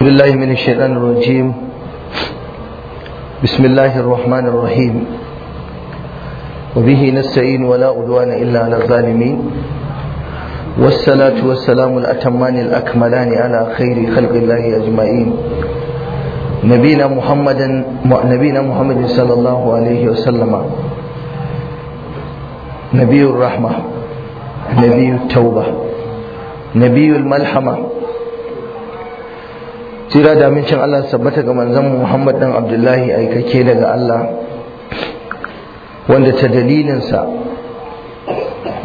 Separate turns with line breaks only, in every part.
بالله من الشيطان الرجيم بسم الله الرحمن الرحيم وبه نستعين ولا عدوان إلا على الظالمين والصلاة والسلام الأتمان الأكملان على خير خلق الله أجمعين نبينا محمد نبينا محمد صلى الله عليه وسلم نبي الرحمة نبي التوبة نبي الملحمة tsira da amincin Allah sabbata ga manzon Muhammad dan Abdullahi aikake daga Allah wanda ta dalilinsa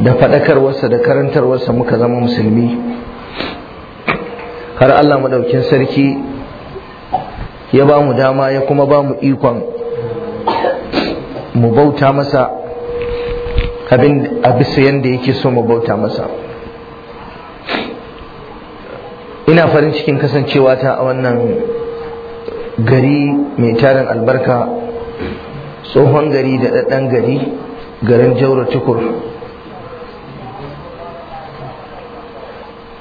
da faɗakarwarsa da karantarwarsa muka zama musulmi har Allah madaukin sarki ya ba mu dama ya kuma ba mu ikon mu bauta masa abin a bisa yadda yake so mu bauta masa ina farin cikin kasancewa ta a wannan gari mai tarin albarka tsohon gari da ɗaɗɗan gari garin jaura tukur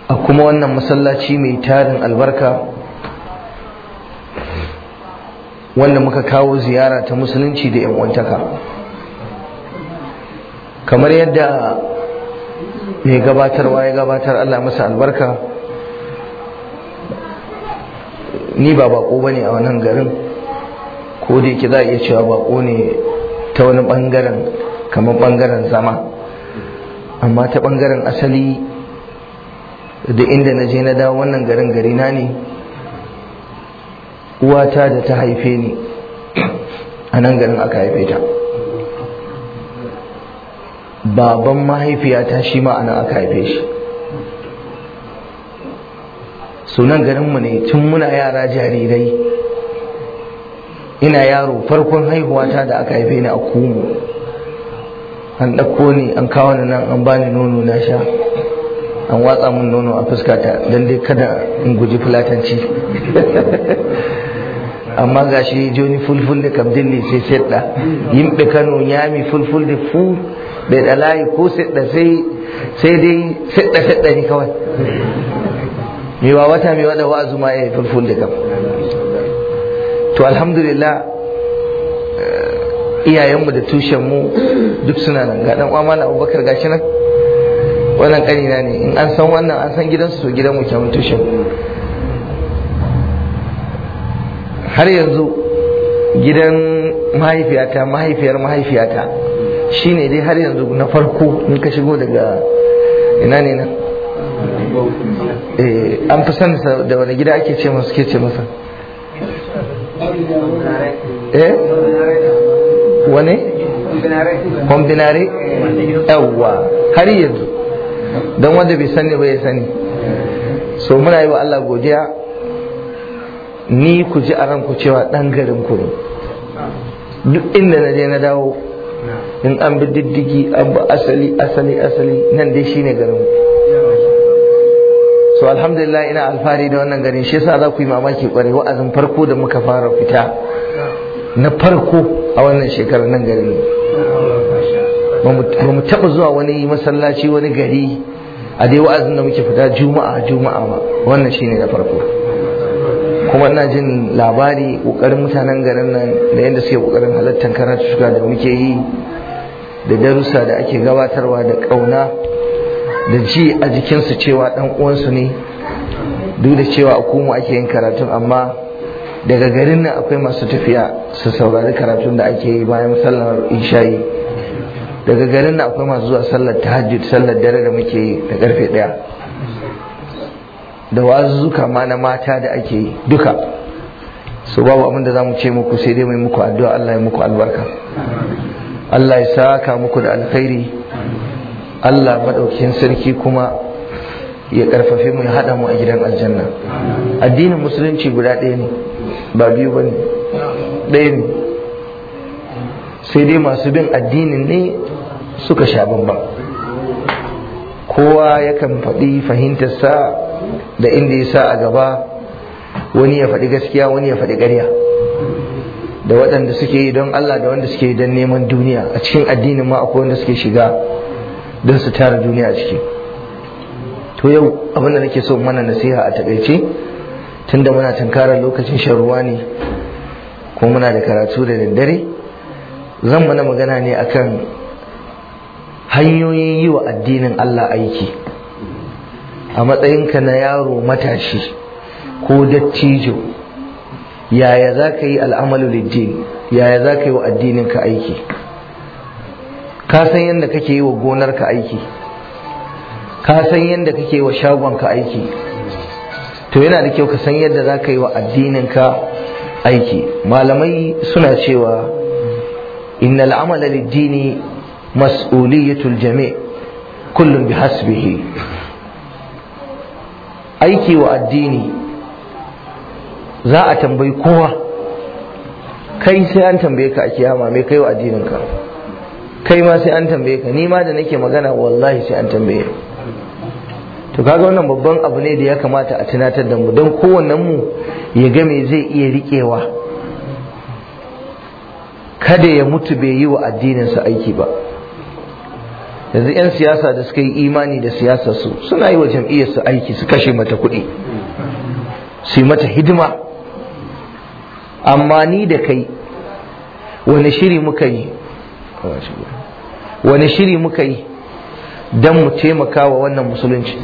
a kuma wannan masallaci mai tarin albarka wanda muka kawo ziyara ta musulunci da 'yan wantaka, kamar yadda mai gabatarwa ya gabatar allah masa albarka ni ba bako bane a wannan garin ko da yake za a iya cewa bako ne ta wani bangaren kamar bangaren zama amma ta bangaren asali da inda na je na dawo wannan garin gari ne uwata da ta haife ni a nan garin aka haife ta baban mahaifiyata shi ma a nan aka haife shi sunan garinmu ne tun muna yara jarirai ina yaro farkon haihuwata da aka haife ni a kumu an ɗauko ni an kawo ni nan an bani nono na sha an watsa min nono a fuskata don dai kada in guji fulatanci amma gashi joni fulful da kamdin ne sai sedda yimɓe kano nyami fulful da fu bai da layi ko sedda sai dai sedda sedda ne kawai mai ba wata mai wada wa'azu ma ya eh, fulful da kam to alhamdulillah eh, iyayenmu da tushenmu duk suna nan ga dan uwa na abubakar gashi nan wannan ƙanina ne in an san wannan an san gidansu to gidanmu kyamun tushen har yanzu gidan mahaifiyata mahaifiyar mahaifiyata shine dai har yanzu na farko in ka shigo daga ina ne nan Eh, an fi san da wani gida ake ce masu ke ce masa eh wani kwambinare yawwa har yanzu don wanda bai sani ba ya sani so muna yi wa Allah godiya ni ku ji a ranku cewa ɗan garin ku ne duk inda na je na dawo in an bi diddigi an bi asali asali asali nan dai shine garin ku so alhamdulillah ina alfahari da wannan gari shi yasa za ku yi mamaki kwarai wa'azin farko da muka fara fita na farko a wannan shekarar nan gari ba mu taɓa zuwa wani masallaci wani gari a dai wa'azin da muke fita juma'a juma'a ba wannan shi ne na farko kuma ina jin labari ƙoƙarin mutanen garin nan da yadda suke ƙoƙarin halartar karatu da muke yi da darussa da ake gabatarwa da ƙauna da ji a jikinsu cewa ɗan uwansu ne duk da cewa a kuma ake yin karatun amma daga garin nan akwai masu tafiya su saurari karatun da ake yi bayan sallar isha'i daga garin nan akwai masu zuwa sallar tahajjud sallar dare da muke yi da karfe daya. da wazuzzuka ma na mata da ake yi duka su babu abin da za mu ce muku sai dai mai muku addu'a Allah ya muku albarka Allah ya saka muku da alkhairi Allah maɗaukin sarki kuma ya ƙarfafe mu ya haɗa mu a gidan aljanna addinin musulunci guda ɗaya ne ba biyu ba ne ɗaya ne sai dai masu bin addinin ne suka sha bambam kowa yakan faɗi fahimtarsa da inda ya sa a gaba wani ya faɗi gaskiya wani ya faɗi ƙarya da waɗanda suke yi don Allah da wanda suke yi don neman duniya a cikin addinin ma akwai wanda suke shiga don su tara duniya a ciki to yau abinda nake so mana nasiha a takaice tunda muna tunkarar lokacin shan ruwa ne ko muna da karatu da daddare zan mana magana ne akan hanyoyin yi wa addinin Allah aiki a matsayinka na yaro matashi ko dattijo yaya za ka yi al'amalu yaya za ka yi wa addininka aiki ka san yadda kake yi wa gonarka aiki ka san yadda kake yi wa shagonka aiki to yana da kyau ka san yadda za ka yi wa addininka aiki malamai suna cewa innal amala lid-dini mas'uliyatul jami' kullum bi hasbihi aiki wa addini za a tambayi kowa kai sai an tambaye ka a kiyama me kai wa addininka kai ma sai an tambaye ka ni ma da nake magana wallahi sai an tambaye to kaga wannan babban abu ne da ya kamata a tunatar da mu don kowannen mu ya ga me zai iya riƙewa kada ya mutu bai yi wa addininsa aiki ba yanzu 'yan siyasa da suka yi imani da siyasar su suna yi wa jam'iyyar su aiki su kashe mata kuɗi su yi mata hidima amma ni da kai wani shiri muka yi wani shiri muka yi don mu taimaka wa wannan musulunci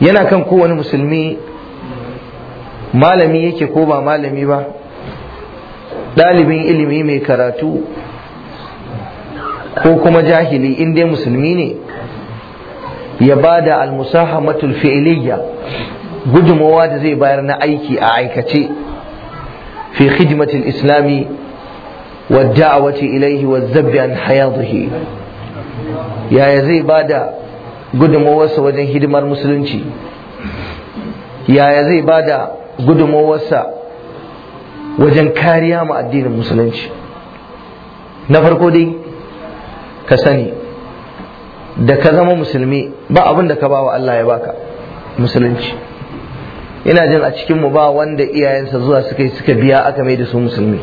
yana kan kowane musulmi malami yake ko ba malami ba ɗalibin ilimi mai karatu ko kuma jahili in dai musulmi ne ya ba da almusahamatul fi'liya gudunmawa da zai bayar na aiki a aikace fi khidmatul islami والدعوة إليه والذب عن حياضه يا يزي بادا gudunmawarsa wajen hidimar musulunci yaya zai ba da gudunmawarsa wajen kariya ma addinin musulunci na farko dai ka sani da ka zama musulmi ba abin da ka ba wa Allah ya baka musulunci ina jin a cikinmu ba wanda iyayensa zuwa suka suka biya aka mai da su musulmi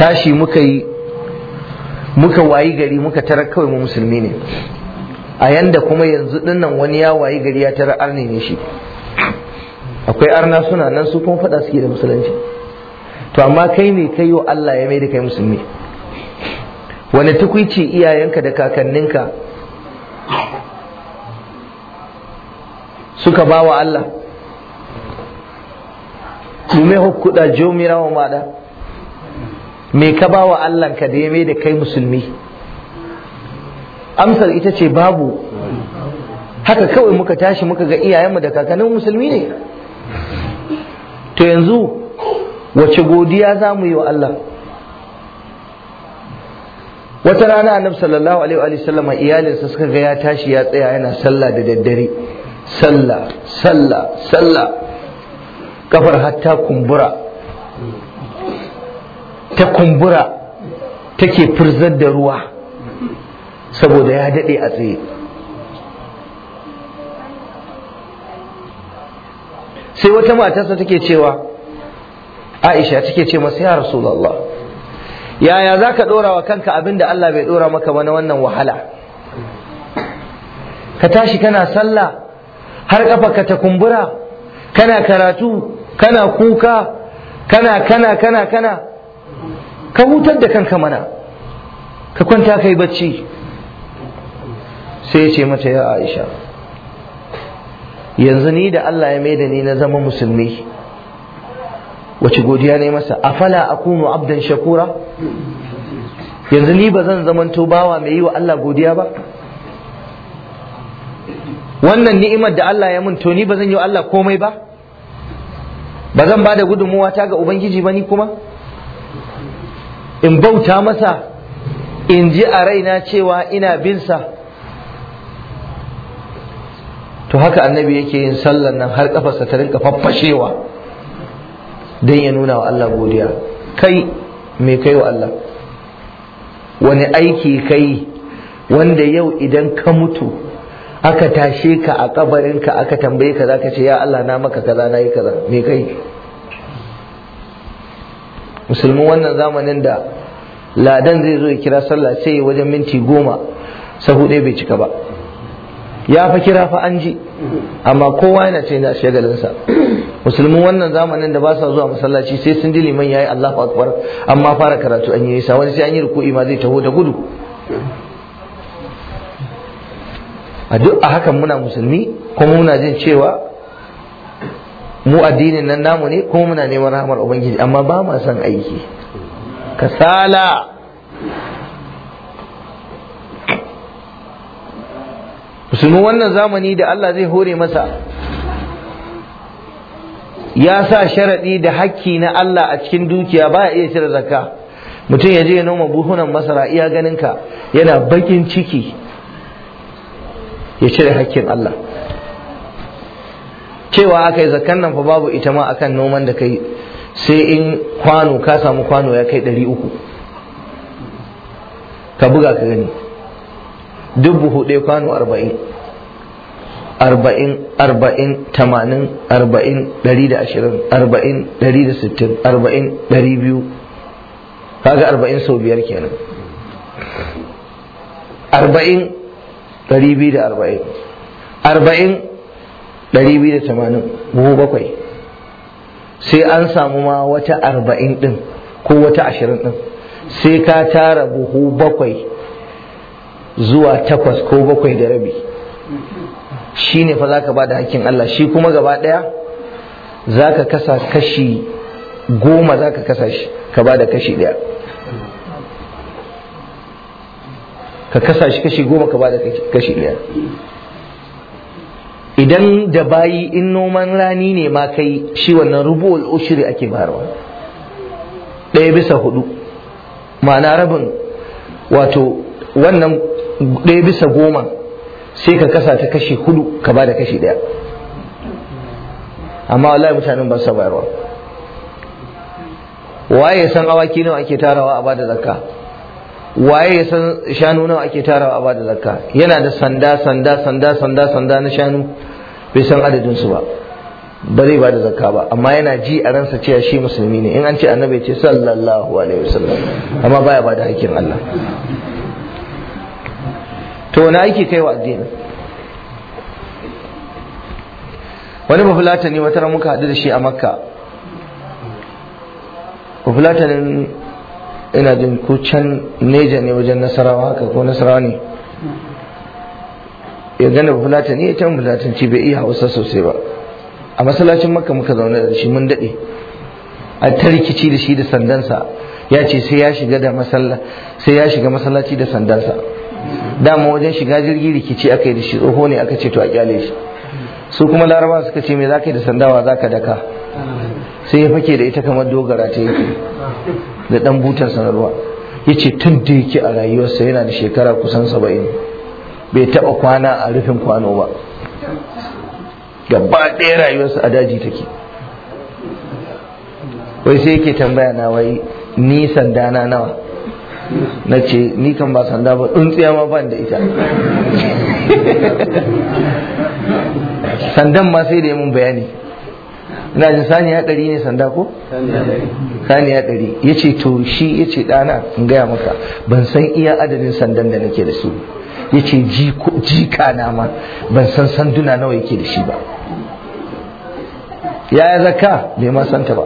tashi muka yi muka wayi gari muka tarar kawai mu musulmi ne a yanda kuma yanzu dinnan wani ya wayi gari ya tarar arne ne shi akwai arna suna nan su kuma faɗa suke da musulunci to amma kai ne kai wa Allah ya mai da kai musulmi wani tukwici iyayenka da kakanninka suka ba wa Allah dume hukuda jomira wa mada me ka ba wa Allahnka da ya mai da kai musulmi
amsar ita ce
babu haka kawai muka tashi muka ga iyayenmu da kakannin musulmi ne to yanzu wace godiya za mu yi wa Allah wata rana annabi sallallahu alaihi wa sallam iyalinsa suka ga ya tashi ya tsaya yana sallah da daddare sallah sallah sallah kafar hatta kumbura ta kumbura take furzar da ruwa saboda ya daɗe a tsaye sai wata matarsa take cewa
aisha take ce masa
ya rasulallah yaya za ka ɗora wa kanka abin da allah bai ɗora maka ba na wannan wahala ka tashi kana sallah har ka ta kumbura kana karatu kana kuka kana kana kana kana ka hutar da kanka mana ka kwanta kai bacci sai ya ce mata ya aisha yanzu ni da Allah ya mai da ni na zama musulmi wace godiya ne masa afala akunu abdan shakura yanzu ni ba zan zamanto bawa mai yi wa Allah godiya ba wannan ni'imar da Allah ya mun to ni ba zan yi wa Allah komai ba ba zan ba da gudunmuwa ta ga Ubangiji ba ni kuma in bauta masa in ji a raina cewa ina bin sa. to haka annabi yake yin sallar nan har kafarsa ta rinka faffashewa don ya nuna wa Allah godiya kai me kai wa Allah wani aiki kai wanda yau idan ka mutu aka tashe ka a kabarinka aka tambaye ka za ka ce ya Allah na maka kaza na yi kaza me kai musulmin wannan zamanin da ladan zai zo ya kira sallah sai wajen minti goma sahu ɗaya bai cika ba ya fa kira fa an ji amma kowa yana ce na shagalinsa musulmin wannan zamanin da ba sa zuwa masallaci sai sun ji liman yayi Allahu akbar amma fara karatu an yi sa wani sai an yi ruku'i ma zai taho da gudu a duk a hakan muna musulmi kuma muna jin cewa mu addinin nan namu ne kuma muna neman rahamar ubangiji amma ba ma son aiki kasala sunu wannan zamani da Allah zai hore masa
ya sa sharaɗi
da hakki na Allah a cikin dukiya ba iya cire zakka mutum ya je ya noma buhunan masara iya ganinka
yana bakin
ciki ya cire hakkin Allah cewa aka yi zakan nan fa babu ita ma akan noman da kai sai in kwano ka samu kwano ya kai ɗari uku ka buga ka gani duk buhu ɗaya kwano arba'in arba'in arba'in tamanin arba'in ɗari da ashirin arba'in ɗari da sittin arba'in ɗari biyu kaga arba'in sau biyar kenan arba'in ɗari biyu da arba'in arba'in 280 sai an samu ma wata 40 din ko wata 20 din sai ka tara buhu bakwai zuwa takwas ko bakwai da rabi shi ne fa za ka ba da hakkin Allah shi kuma gaba ɗaya za ka kasa kashi goma za ka kasa shi ka ba da kashi ɗaya ka kasa shi kashi goma ka ba da kashi ɗaya idan da bayi in noman rani ne ma kai shi wannan rubuwar ushiri ake bayarwa ɗaya bisa hudu ma'ana rabin wato wannan ɗaya bisa goma sai ka kasa ta kashi hudu ka ba da kashi ɗaya amma wallahi mutanen ba su bayarwa waye san awaki nawa ake tarawa a bada zakka waye ya san shanu nawa ake tarawa a bada zakka yana da sanda sanda sanda sanda sanda na shanu bai san adadin su ba ba zai bada zakka ba amma yana ji a ransa cewa shi musulmi ne in an ce annabi ce sallallahu alaihi wasallam amma baya bada hakkin Allah to wani aiki kai wa addini wani bafulata ne wata ramuka haɗu da shi a makka bafulata ne ina jin ku can neja ne wajen nasarawa haka ko nasarawa ne ya gane fulata ne eh, ya can fulatanci bai iya hausa sosai ba a masallacin makka muka zaune da shi mun daɗe a ta rikici da shi da sandansa ya ce sai ya shiga da masalla sai ya shiga masallaci da sandansa dama wajen shiga jirgi rikici aka yi da shi tsoho ne aka ce to a kyale shi su kuma laraba suka ce me za ka yi da sandawa za ka daka sai ya fake da ita kamar dogara ta yake da dan butar sanarwa ya ce tun da yake a rayuwarsa yana da shekara kusan saba'in bai taɓa kwana a rufin kwano ba gaba ɗaya rayuwarsa a daji take wai sai yake tambaya na wai ni sanda na nawa na ce ni kan ba sanda ba tsuntsiya ma ban da ita
sandan
ma sai da yi mun bayani ina jin ya ɗari ne sanda ko Sani ya ɗari ya ce to shi ya ce ɗana in gaya maka ban san iya adadin sandan da nake da su ya ce jika na ma ban san sanduna nawa yake da shi ba ya yi zaka bai ma santa ba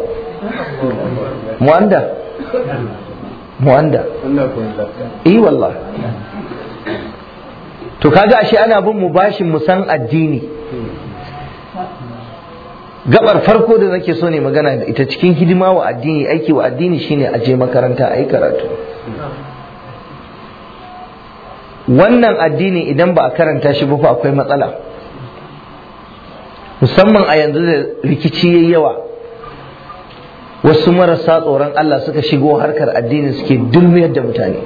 mu'anda mu'anda iya eh, wallah to kaga ashe ana bin mu bashin mu san addini gabar farko da nake so ne magana da ita cikin hidima wa addini aiki wa addini shine aje makaranta ayi karatu wannan addini idan ba a karanta shi ba akwai matsala musamman a yanzu da rikici yayi yawa wasu marasa tsoron Allah suka shigo harkar addini suke dulmiyar da mutane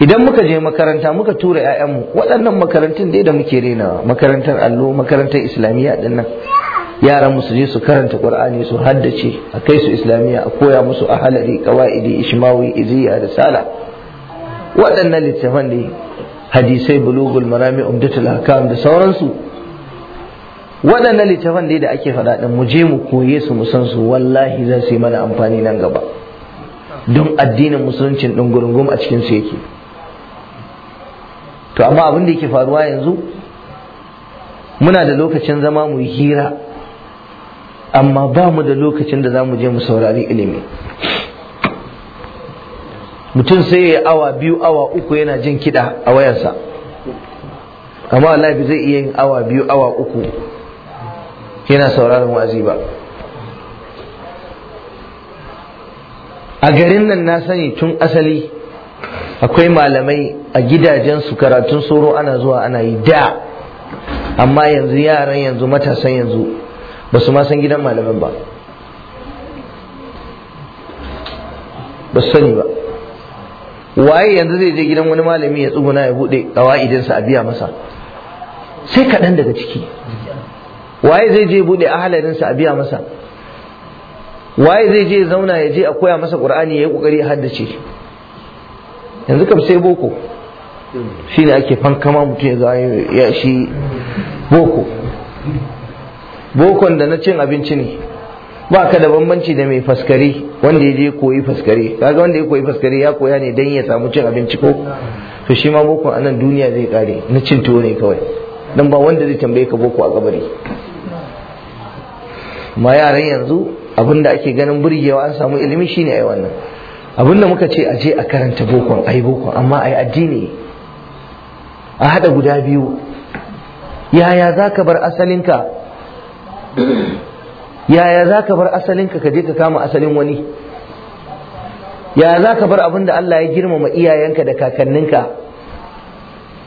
idan muka je makaranta muka tura 'ya'yanmu waɗannan makarantun dai da muke rena makarantar allo makarantar islamiyya din nan yaran su je su karanta ƙur'ani, su haddace a kai su islamiyya a koya musu halari qawaidi ishmawi iziya da sala waɗannan littafan ne hadisai bulugul marami umdatul hakam da sauransu waɗannan littafan dai da ake faɗa mu je mu koye su mu san su wallahi za su yi mana amfani nan gaba don addinin musuluncin ɗungurungum a cikin su yake to amma abin da yake faruwa yanzu muna da lokacin zama mu hira amma ba mu da lokacin da za mu je mu saurari ilimi mutum sai ya awa biyu awa uku yana jin kiɗa a wayarsa amma wallahi zai iya yin awa biyu awa uku yana sauraron wa'azi ba a garin nan na sani tun asali akwai malamai a gidajen su karatun soro ana zuwa ana yi da amma yanzu yaran yanzu matasan yanzu ba su ma san gidan malamin ba ba su sani ba waye yanzu zai je gidan wani malami ya tsuguna ya bude kawa'idinsa a biya masa sai kaɗan daga ciki waye zai je bude ahalarinsa a biya masa waye zai je zauna ya je a koya masa qur'ani ya yi kokari haddace yanzu kam sai boko shi ne ake fankama mutum ya ya shi boko bokon da na cin abinci ne ba ka da bambanci da mai faskari wanda ya je koyi faskari, kaga wanda ya koyi faskari ya koya ne dan ya samu cin abinci ko to shi ma bokon anan duniya zai kare na cin tuwo ne kawai dan ba wanda zai tambaye ka boko a kabari ma yaran yanzu abinda ake ganin burgewa an samu ilimi shine ai wannan abinda muka ce a je a karanta bokon a yi bokon amma a yi addini a haɗa guda biyu yaya za ka bar asalinka yaya za ka bar asalinka ka je ka kama asalin wani yaya za ka bar abin da Allah ya girmama iyayenka da kakanninka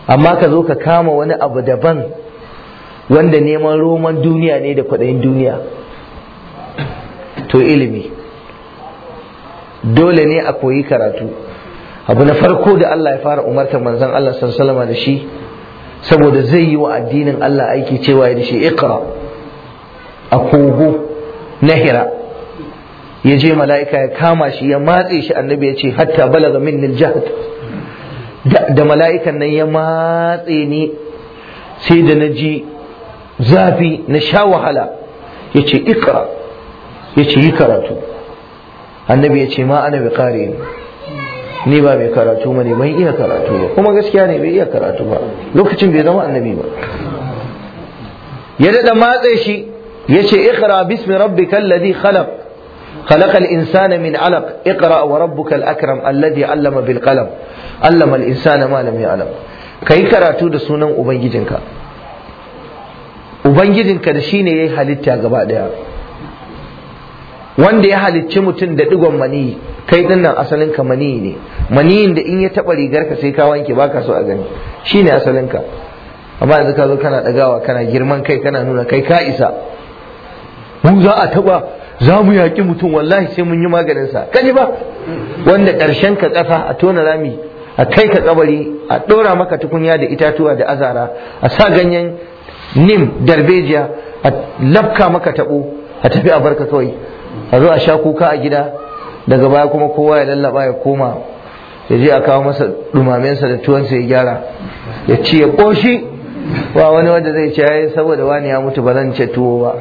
amma ka zo ka kama wani abu daban wanda neman roman duniya ne da kwaɗayin duniya to ilimi dole ne a koyi karatu abu na farko da Allah ya fara umartar manzon Allah sallallahu da shi saboda zai yi wa addinin Allah aiki cewa ya dashi iqra a kogo na hira ya je mala'ika ya kama shi ya matse shi annabi ya ce hatta balaga min jahad da mala'ikan nan ya matse ni sai da na ji zafi na sha wahala ya ce ikra ya ce yi karatu annabi ya ce ma ana bi kare ni ba mai karatu ma ne bai iya karatu ba kuma gaskiya ne bai iya karatu ba lokacin bai zama annabi ba ya dada matse shi ya ce ikra bismi rabbika alladhi khalaq خلق الإنسان من علق اقرأ وربك الأكرم الذي علم بالقلم علم الإنسان ما لم يعلم كي كراتو دا سنن أبنجدنك أبنجدنك دا شيني يهالتا قبا ديها wanda ya halicci mutum da digon mani kai din nan asalin ka mani ne maniyin da in ya taba rigar ka sai ka wanke baka so a gani shine asalin ka amma yanzu ka zo kana dagawa kana girman kai kana nuna kai ka isa mu za a taba za mu yaƙi mutum wallahi sai mun yi maganin sa kani ba wanda ƙarshen ka kafa a tona rami a kai ka kabari a ɗora maka tukunya da itatuwa da azara a sa ganyen nim darbejiya a lafka maka taɓo a tafi a barka kawai a zo a sha kuka a gida daga baya kuma kowa ya lallaba ya koma ya je a kawo masa dumamensa da tuwansa ya gyara ya ci ya ƙoshi ba wani wanda zai ce yayi saboda wani ya mutu ba zan ce tuwo ba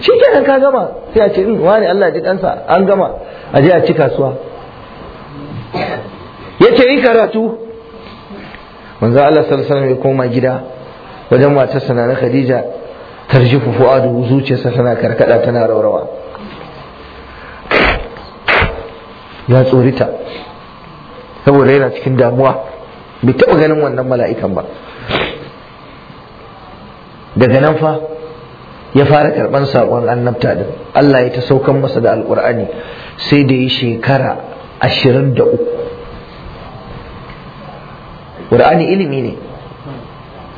shi kenan ka gama sai a ce in hmm, wani Allah ji kansa an gama a je a ci kasuwa ya ce yi karatu manzo Allah sallallahu alaihi wasallam ya koma gida wajen matarsa na Khadija tarjifu fu'adu zuciyarsa tana karkada tana raurawa ya tsorita saboda yana cikin damuwa bai taɓa ganin wannan mala'ikan ba daga nan fa ya fara karɓar saƙon annabta din Allah ya ta saukan masa da alƙur'ani sai da yi shekara ashirin da uku ƙur'ani ilimi ne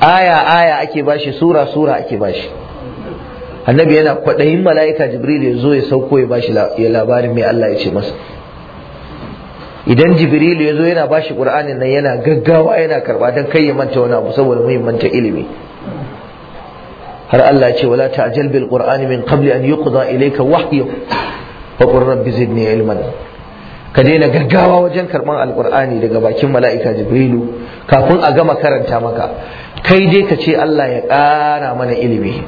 aya aya ake bashi sura sura ake bashi annabi yana kwaɗayin mala'ika jibril ya zo ya sauko ya bashi labarin mai Allah ya ce masa idan jibril ya zo yana bashi qur'anin nan yana gaggawa yana karba dan kai ya manta wani abu saboda ta ilimi har Allah ya ce wala ta'jal bil qur'ani min qabli an yuqda ilayka wahyu fa qur rabbi zidni ilman ka daina gaggawa wajen karban alqur'ani daga bakin mala'ika jibrilu kafin a gama karanta maka kai je ka ce Allah ya ƙara mana ilimi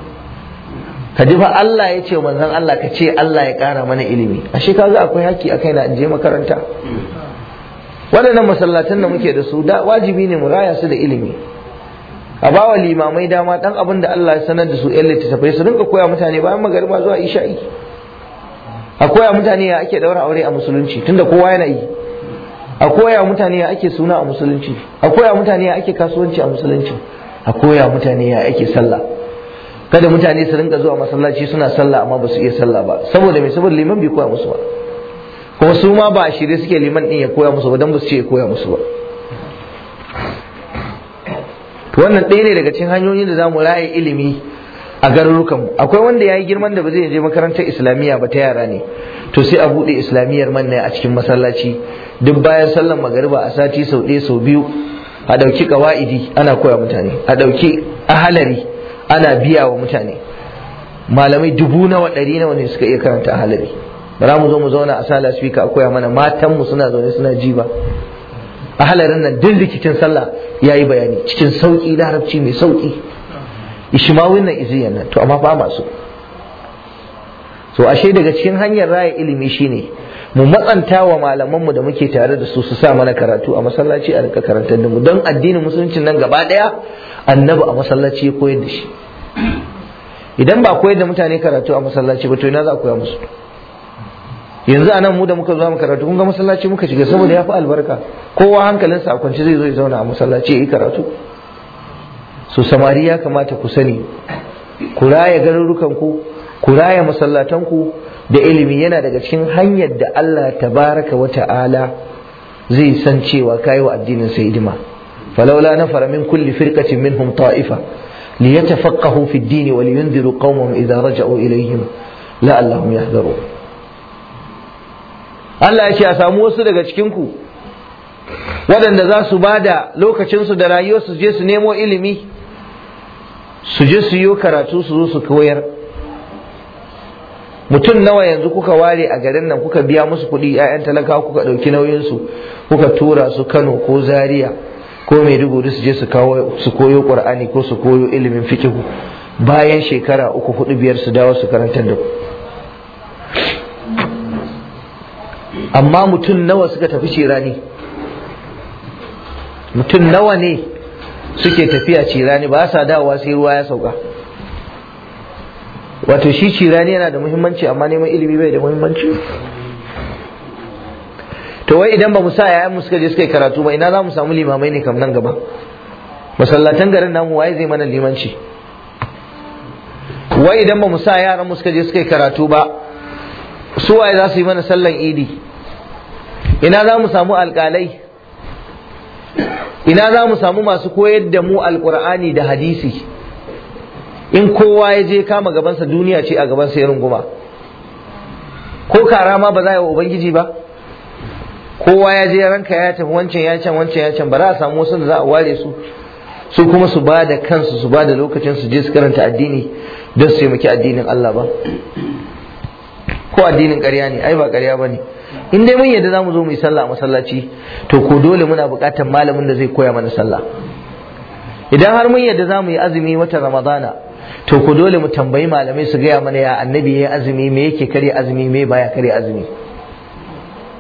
ka ji fa Allah ya ce manzon Allah ka ce Allah ya ƙara mana ilimi ashe kaga akwai haƙƙi a kaina in je makaranta waɗannan masallatan da muke da su da wajibi ne mu raya su da ilimi a bawa limamai dama ɗan abin da Allah ya sanar da su yan littattafai su rinka koya mutane bayan magariba zuwa isha'i a koya mutane ya ake daura aure a musulunci tunda kowa yana yi a koya mutane ya ake suna a musulunci a koya mutane ya ake kasuwanci a musulunci a koya mutane ya ake sallah kada mutane su rinka zuwa masallaci suna sallah amma ba su iya sallah ba saboda me saboda liman bai koya musu ba kuma su ma ba shirye suke liman din ya koya musu ba dan ba su ce ya koya musu ba to wannan ɗaya ne daga cikin hanyoyin da zamu raye ilimi a garurukan mu akwai wanda yayi girman da ba zai je makarantar islamiyya ba ta yara ne to sai a bude islamiyyar manne a cikin masallaci duk bayan sallar magariba a sati sau ɗaya sau biyu a ɗauki ƙawa'idi ana koya mutane a ɗauki ahalari ana biya wa mutane malamai dubu nawa ɗari nawa ne suka iya karanta ahalari bara mu zo mu zauna a sala speaker a koya mana matan mu suna zaune suna ji ba ahalarin nan duk rikicin sallah yayi bayani cikin sauki larabci mai sauƙi, ishimawin nan iziyan nan to amma ba masu
so ashe daga cikin
hanyar raya ilimi shine mu matsanta wa malamanmu da muke tare da su su sa mana karatu a masallaci a rika karantar da mu don addinin musuluncin nan gaba daya annabi a masallaci ya koyar da shi idan ba koyar da mutane karatu a masallaci ba to ina za a koya musu yanzu a nan mu da muka zo mu karatu kun ga masallaci muka shiga saboda ya fi albarka kowa hankalin a kwance zai zo ya zauna a masallaci ya yi karatu Su samari ya kamata ku sani ku raya garurukanku ku raya masallatan ku. da ilimi yana daga cikin hanyar da Allah tabaraka wa ta'ala zai san cewa kayi wa addinin sa hidima falaula nafara min kulli firqatin minhum ta'ifa liyatafaqahu fi ad-din wa liyunziru qaumahum idza raja'u ilayhim la'allahum yahdharun Allah ya ce a samu wasu daga cikin ku waɗanda za su ba da lokacinsu da su je su nemo ilimi su je su yi karatu su zo su koyar mutum nawa yanzu kuka ware a garin nan kuka biya musu kuɗi 'ya'yan talaka kuka ɗauki nauyinsu kuka tura su kano ko zaria ko maiduguri su je su kawo su koyo ƙur'ani ko su koyo ilimin fikihu bayan shekara uku hudu biyar su dawo su karantar da ku amma mutum nawa suka tafi cirani mutum nawa ne suke tafiya cirani ba sa dawowa sai ruwa ya sauka wato shi rani yana da muhimmanci amma neman ilimi bai da muhimmanci to wai idan ba mu sa yayan suka je suka yi karatu ba ina za mu samu limamai ne kam nan gaba masallatan garin namu waye zai mana limanci wai idan ba mu sa yaran mu suka je suka yi karatu ba su waye za su yi mana sallan idi ina za mu samu alƙalai ina za mu samu masu koyar da mu alƙur'ani da hadisi in kowa ya je kama gabansa duniya ce a gabansa ya runguma ko kara ma ba za a yi wa ubangiji ba kowa ya je ranka ya tafi wancan ya can wancan ya can ba za a samu wasu da za a ware su su kuma su ba da kansu su ba da lokacin su je su karanta addini don su taimaki addinin Allah ba ko addinin ƙarya ne ai ba ƙarya ba ne in dai mun yadda za mu zo mu yi sallah a masallaci to ko dole muna buƙatar malamin da zai koya mana sallah idan har mun yadda za mu yi azumi watan ramadana to ku dole mu tambayi malamai su gaya mana ya annabi ya azumi me yake kare azumi me baya kare azumi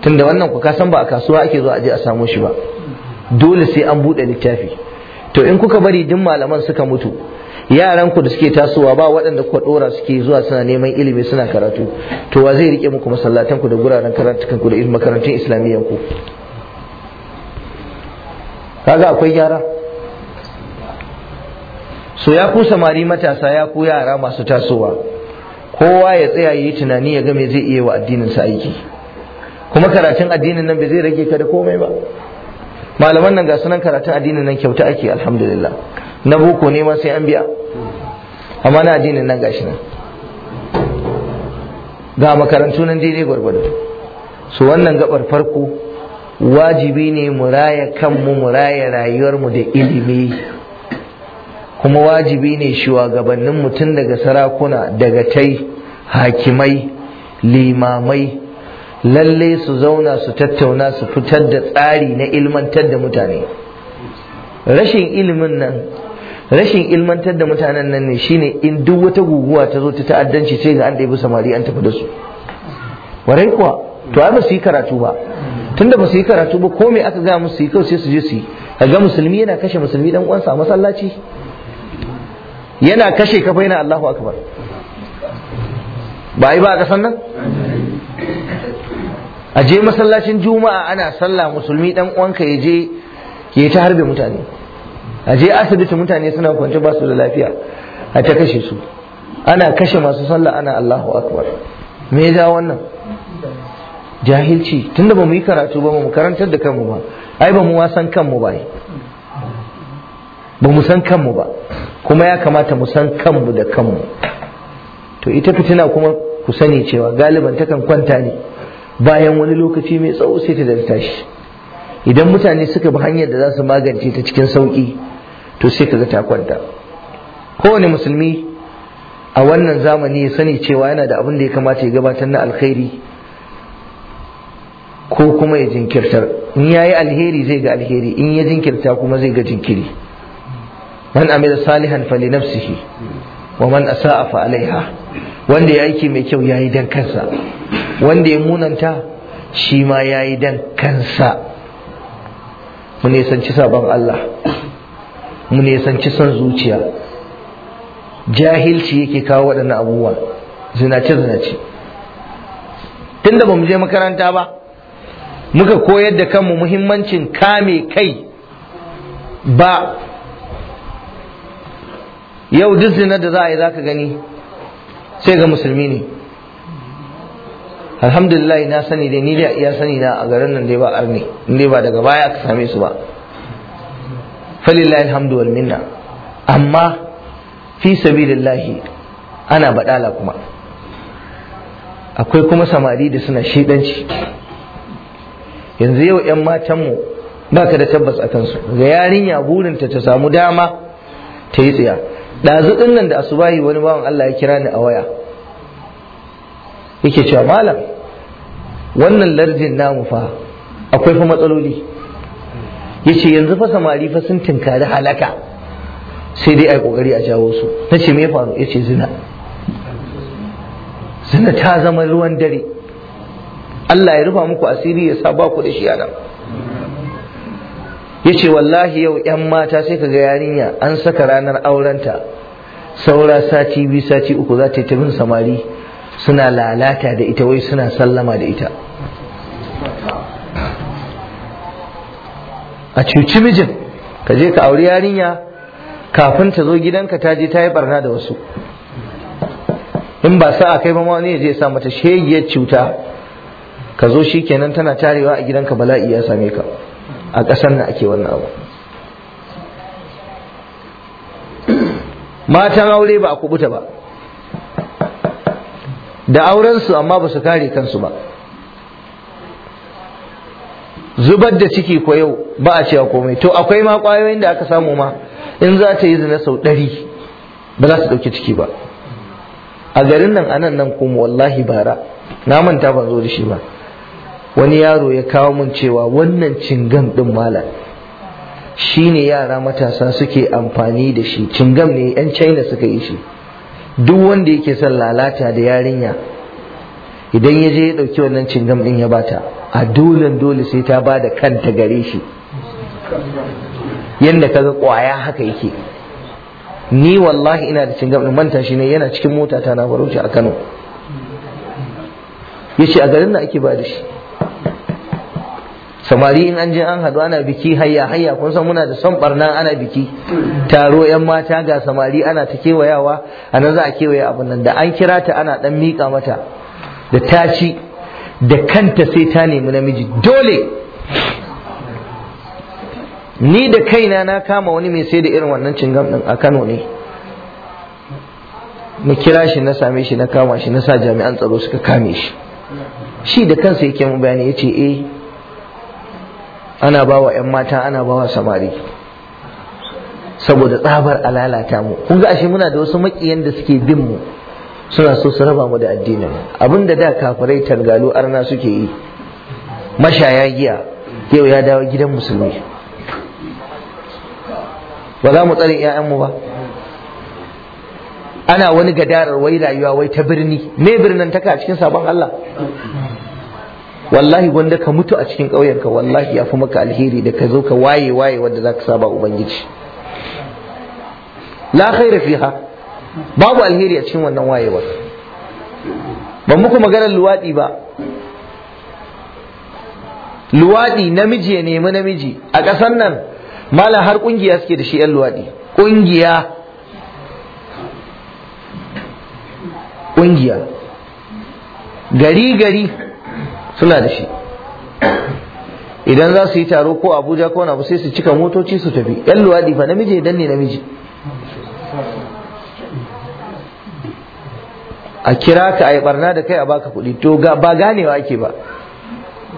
tunda wannan ku kasan ba a kasuwa ake zuwa aje a samo shi ba dole sai an buɗe littafi to in kuka bari duk malaman suka mutu yaran ku da suke tasowa ba waɗanda kuka ɗora suke zuwa suna neman ilimi suna karatu to wa zai rike muku masallatan ku da guraren karantukan ku da makarantun islamiyyan ku kaga akwai gyara so ya ku samari matasa ya ku yara masu tasowa kowa ya tsaya yi tunani ya ga me zai iya wa addinin sa aiki kuma karatun addinin nan bai zai rage ka da komai ba malaman nan ga sunan karatun addinin nan kyauta ake alhamdulillah na boko ne ma sai an biya amma na addinin nan gashi nan ga makarantu nan daidai gwargwado su wannan gabar farko wajibi ne mu raya kanmu mu raya rayuwarmu da ilimi kuma wajibi ne shugabannin mutum daga sarakuna daga tai hakimai limamai lalle su zauna su tattauna su fitar da tsari na ilmantar da mutane rashin ilimin nan rashin ilmantar da mutanen nan ne shine in duk wata guguwa ta zo ta ta'addanci sai ga an ɗebi samari an tafi da su warai kuwa to ai ba su yi karatu ba tunda ba su yi karatu ba ko me aka ga musu yi kawai sai su je su yi ga musulmi yana kashe musulmi dan uwansa a masallaci yana kashe kafa yana Allahu akbar ba yi ba a kasan nan a je masallacin juma'a ana sallah musulmi ɗan uwanka ya je ya ta harbe mutane a je asibiti mutane suna kwance ba su da lafiya a ta kashe su ana kashe masu sallah ana Allahu akbar me ya wannan jahilci tunda ba mu yi karatu ba mu karantar da kanmu ba ai ba mu wasan kanmu ba ba mu san kanmu ba kuma ya kamata mu san kanmu da kanmu to ita fitina kuma ku sani cewa galiban takan kwanta ne bayan wani lokaci mai tsawo sai ta dalta shi idan mutane suka bi hanyar da za su magance ta cikin sauƙi to sai ga ta kwanta kowane musulmi a wannan zamani ya sani cewa yana da abin da ya kamata ya gabatar na alkhairi ko kuma ya jinkirtar in ya yi alheri zai ga alheri in ya jinkirta kuma zai ga jinkiri man amila salihan fali nafsihi wa man asa'a fa alaiha wanda ya aiki mai kyau yayi dan kansa wanda ya munanta shi ma yayi dan kansa mu nisanci sabon Allah mu nisanci son zuciya jahilci yake kawo waɗannan abubuwa zinace zinace tunda ba mu je makaranta ba muka koyar da kanmu muhimmancin kame kai ba yau duk zinar da za a yi za ka gani sai ga musulmi ne alhamdulillah na sani dai ni ya sani na a garin nan dai ba arni dai ba daga baya aka same su ba falillahi alhamdu wal minna amma fi sabilillahi ana badala kuma akwai kuma samari da suna shidanci yanzu yau 'yan matan mu ka da tabbas a su. ga yarinya burinta ta samu dama ta yi tsaya ɗazu ɗin nan da asubahi wani bawan Allah ya kira ni a waya yake cewa malam wannan lardin namu fa akwai fa matsaloli yace yanzu fa samari fa sun tinkari halaka sai dai ai kokari a jawo su nace me faru yace zina zina ta zama ruwan dare Allah ya rufa muku asiri ya sa ba ku da shi a nan ya ce wallahi yau 'yan mata sai ka ga yarinya an saka ranar aurenta saura sati biyu sati uku za ta yi samari suna lalata da ita wai suna sallama da ita a cuci mijin ka je ka auri yarinya kafin ta zo gidanka ta je ta yi barna da wasu in ba sa a kai ba wani ya je sa mata shegiyar cuta ka zo shi kenan tana tarewa a gidanka bala'i ya same ka a ƙasar na ake wannan abu matan aure ba a kubuta ba da aurensu amma ba su kare kansu ba zubar da ciki ko yau ba a cewa komai to akwai ma ƙwayoyin da aka samu ma in za ta yi zina sau ɗari ba za su ɗauki ciki ba a garin nan anan nan kuma wallahi bara na manta ban zo da shi ba wani yaro ya kawo mun cewa wannan cingam din malam shine yara matasa suke amfani da shi cingam ne 'yan china suka yi shi duk wanda yake son lalata da yarinya idan ya je ya ɗauki wannan cingam din ya bata a dolen dole sai ta ba da kanta gare shi yadda ka ga ƙwaya haka yake ni wallahi ina da cingam ɗin manta shi ne yana cikin mota ta na baro a kano ya ce a garin da ake ba da shi samari in an je an hadu ana biki hayya hayya kun san muna da son barna ana biki taro yan mata ga samari ana ta kewayawa a nan za a kewaye abin nan da an kira ta ana dan mika mata da ta da kanta sai ta nemi namiji dole ni da kaina na kama wani mai sai da irin wannan cingam din a kano ne na kira shi na same shi na kama shi na sa jami'an tsaro suka kame shi shi da kansa yake mu bayani yace ce eh ana ba wa 'yan mata ana ba wa samari saboda tsabar alalata mu kun ga ashe muna da wasu makiyan da suke bin mu suna so su raba mu da addinin abin da da kafirai tangalu arna suke yi mashaya giya yau ya dawo gidan musulmi ba za mu tsare 'ya'yanmu ba ana wani gadarar wai rayuwa wai ta birni me birnin taka a cikin sabon Allah wallahi wanda ka mutu a cikin ƙauyenka wallahi ya fi maka alheri da ka zo ka waye waye wanda za ka saba ubangiji la khaira fiha babu alheri a cikin wannan wayewar ban muku magana luwaɗi ba luwaɗi namiji ya nemi namiji a ƙasar nan mala har ƙungiya suke da shi 'yan luwaɗi ƙungiya ƙungiya gari gari suna da shi idan za su yi taro ko abuja ko na sai su cika motoci su tafi yan luwaɗi fa namiji idan ne namiji a kira ka a yi barna da kai a baka kuɗi to ba ganewa ake ba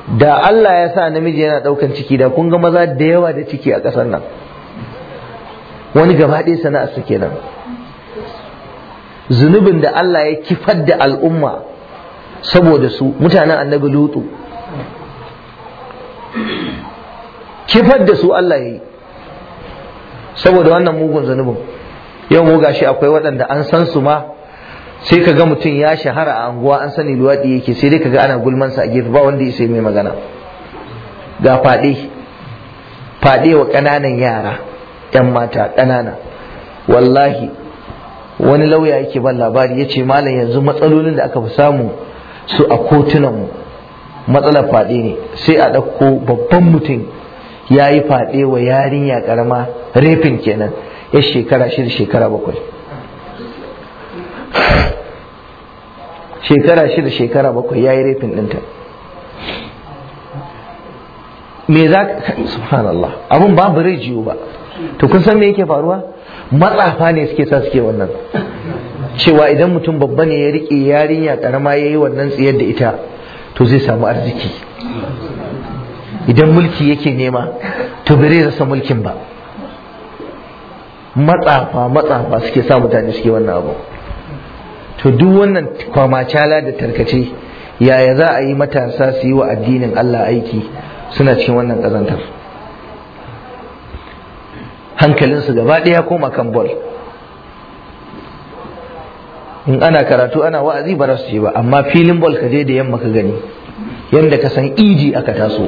da Allah ya sa namiji yana ɗaukan ciki da kun ga maza da yawa da ciki a ƙasar nan wani gaba ɗaya sana'arsa kenan zunubin da Allah ya kifar da al'umma saboda su mutanen annabi lutu kifar da su Allah ya yi saboda wannan mugun zanubin yau mu gashi akwai waɗanda an san su ma sai ka ga mutum ya shahara a anguwa an sani luwaɗi yake sai dai ka ga ana gulmansa a gefe ba wanda ya mai magana ga faɗe faɗe wa ƙananan yara 'yan mata ƙanana wallahi wani lauya yake ban labari ya ce malam yanzu matsalolin da aka fi samu su a kotunan matsalar faɗe ne sai a ɗauko babban mutum ya yi faɗe wa yarinya ƙarama refin kenan ya shekara shida shekara bakwai shekara shida shekara bakwai ya yi refin ɗinta me za ka subhanallah abin ba bare jiyo ba to kun san me yake faruwa matsafa ne suke sa suke wannan cewa idan mutum babba ne ya rike yarinya karama ya yi wannan tsayar da ita to zai samu arziki idan mulki yake nema to bai rasa mulkin ba matsafa matsafa suke sa mutane suke wannan abu to duk wannan kwamacala da tarkace yaya za a yi matasa su yi wa addinin Allah aiki suna cikin wannan ƙazantar hankalinsu gaba ɗaya koma kan bol in ana karatu ana wa'azi ba za su je ba amma filin bol ka je da yamma ka gani yanda ka san iji aka taso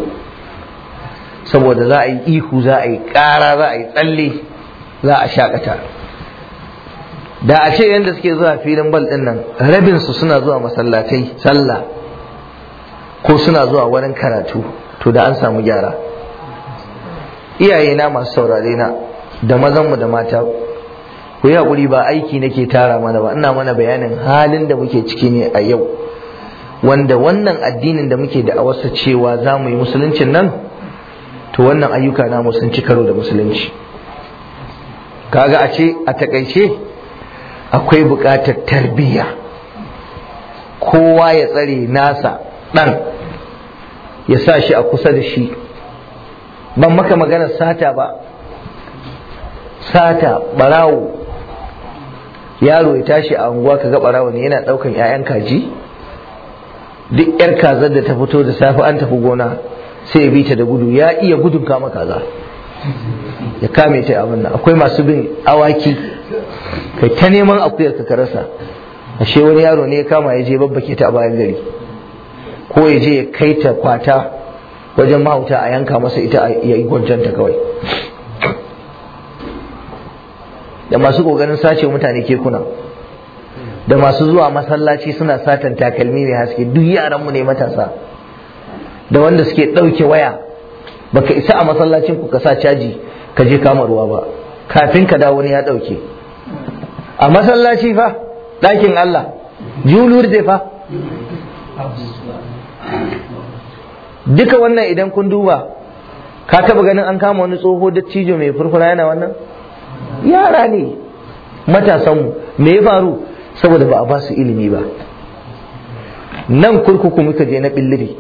saboda za a yi ihu za a yi ƙara za a yi tsalle za a shakata da a ce yanda suke zuwa filin bal ɗin nan su suna zuwa masallatai sallah ko suna zuwa wurin karatu to da an samu gyara Iyayena masu saurare na da mazanmu da mata ku yi haƙuri ba aiki nake tara mana ba ina mana bayanin halin da muke ciki ne a yau wanda wannan addinin da muke da awarsa cewa za mu yi musuluncin nan to wannan ayyuka na sun ci karo da musulunci kaga a ce a takaice akwai buƙatar tarbiyya kowa ya tsare nasa ɗan ya sa shi a kusa da shi ban maka maganar sata ba sata barawo yaro ya tashi a unguwa ka ga barawo ne yana daukan yayan kaji duk yar kazar da ta fito da safe an tafi gona sai ya bi ta da gudu ya iya gudun kama kaza ya kame ta abin nan akwai masu bin awaki kai ta neman akuyar ka rasa ashe wani yaro ne ya kama ya je babbake ta a bayan gari ko ya je ya kai ta kwata wajen mahauta a yanka masa ita ya yi gwanjanta kawai da masu kokarin sace mutane kekuna da masu zuwa masallaci suna satan takalmi mai haske duk yaranmu ne matasa da wanda suke ɗauke waya baka isa a masallacin ku ka sa caji ka je kama ruwa ba kafin ka dawo wani ya ɗauke a masallaci fa ɗakin Allah julur fa duka wannan idan kun duba ka taba ganin an kama wani tsoho dattijo mai furfura yana wannan yara ne matasanmu me ya faru saboda ba a ba su ilimi ba nan kurkuku muka je na billiri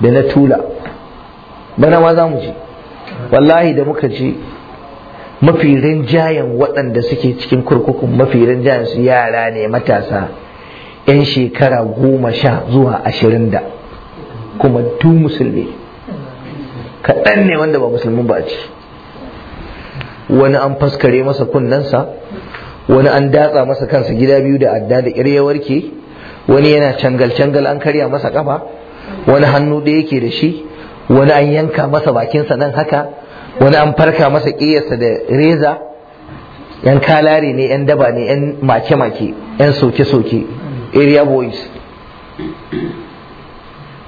da na tula bana ma za mu je wallahi da muka je mafi rinjayen waɗanda suke cikin kurkukun mafi rinjayen su yara ne matasa 'yan shekara goma sha zuwa ashirin da kuma du musulmi kaɗan ne wanda ba musulmi ba a ciki wani an faskare masa kunnensa wani an datsa masa kansa gida biyu da adda da ya warke wani yana cangal-cangal an karya masa kafa wani hannu da yake da shi wani an yanka masa bakinsa nan haka wani an farka masa ƙiyarsa da reza yan kalare ne yan daba ne yan make-make yan soke-soke area boys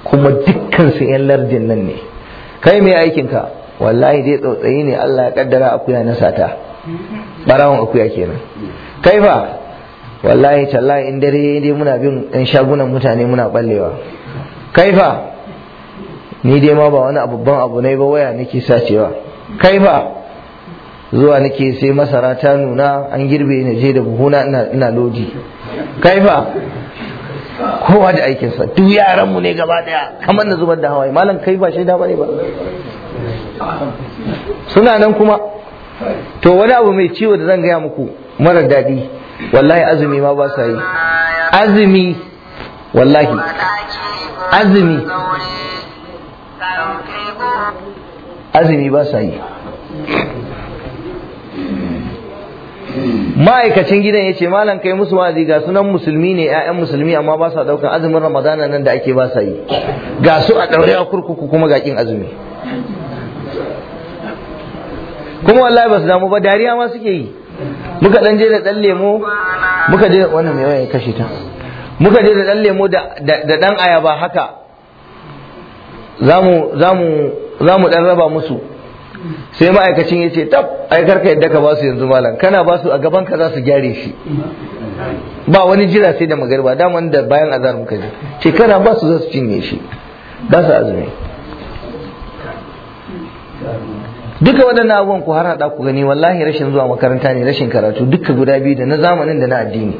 kuma dukkan yan lardin nan ne kai mai aikinka wallahi dai tsautsayi ne Allah ya kaddara akuya na sata barawon akuya kenan kai fa wallahi tallahi in dare dai muna bin yan shagunan mutane muna ballewa kai fa ni dai ma ba wani babban abu ne ba waya nake sacewa kai fa zuwa nake sai masara ta nuna an girbe na je da buhuna ina lodi kai fa kowa da aikinsa duk yaranmu ne gaba daya kamar na zubar da hawaye malam kai ba shaida bane ba suna nan kuma to wani abu mai ciwo da zan gaya muku mara daɗi wallahi azumi ma ba sa yi azumi wallahi azumi azumi ba sa yi ma'aikacin gidan ya ce malam kai musu wa'azi ga sunan musulmi ne 'ya'yan musulmi amma ba sa daukan azumin ramadana nan da ake ba sa yi ga su a ɗaure a kurkuku kuma ga kin azumi kuma wallahi ba su damu ba dariya ma suke yi muka dan je da dan lemo muka je wannan mai waye kashe ta muka je da dan lemo da dan ayaba haka zamu zamu zamu dan raba musu sai ma'aikacin ya ce tab ai karka yadda ka basu yanzu malam kana basu a gaban ka za su gyare shi ba wani jira sai da magarba daman da bayan azar muka je ce kana basu za su cinye shi ba su azumi duka waɗannan abubuwan ku har haɗa ku gani wallahi rashin zuwa makaranta ne rashin karatu duka guda biyu da na zamanin da na addini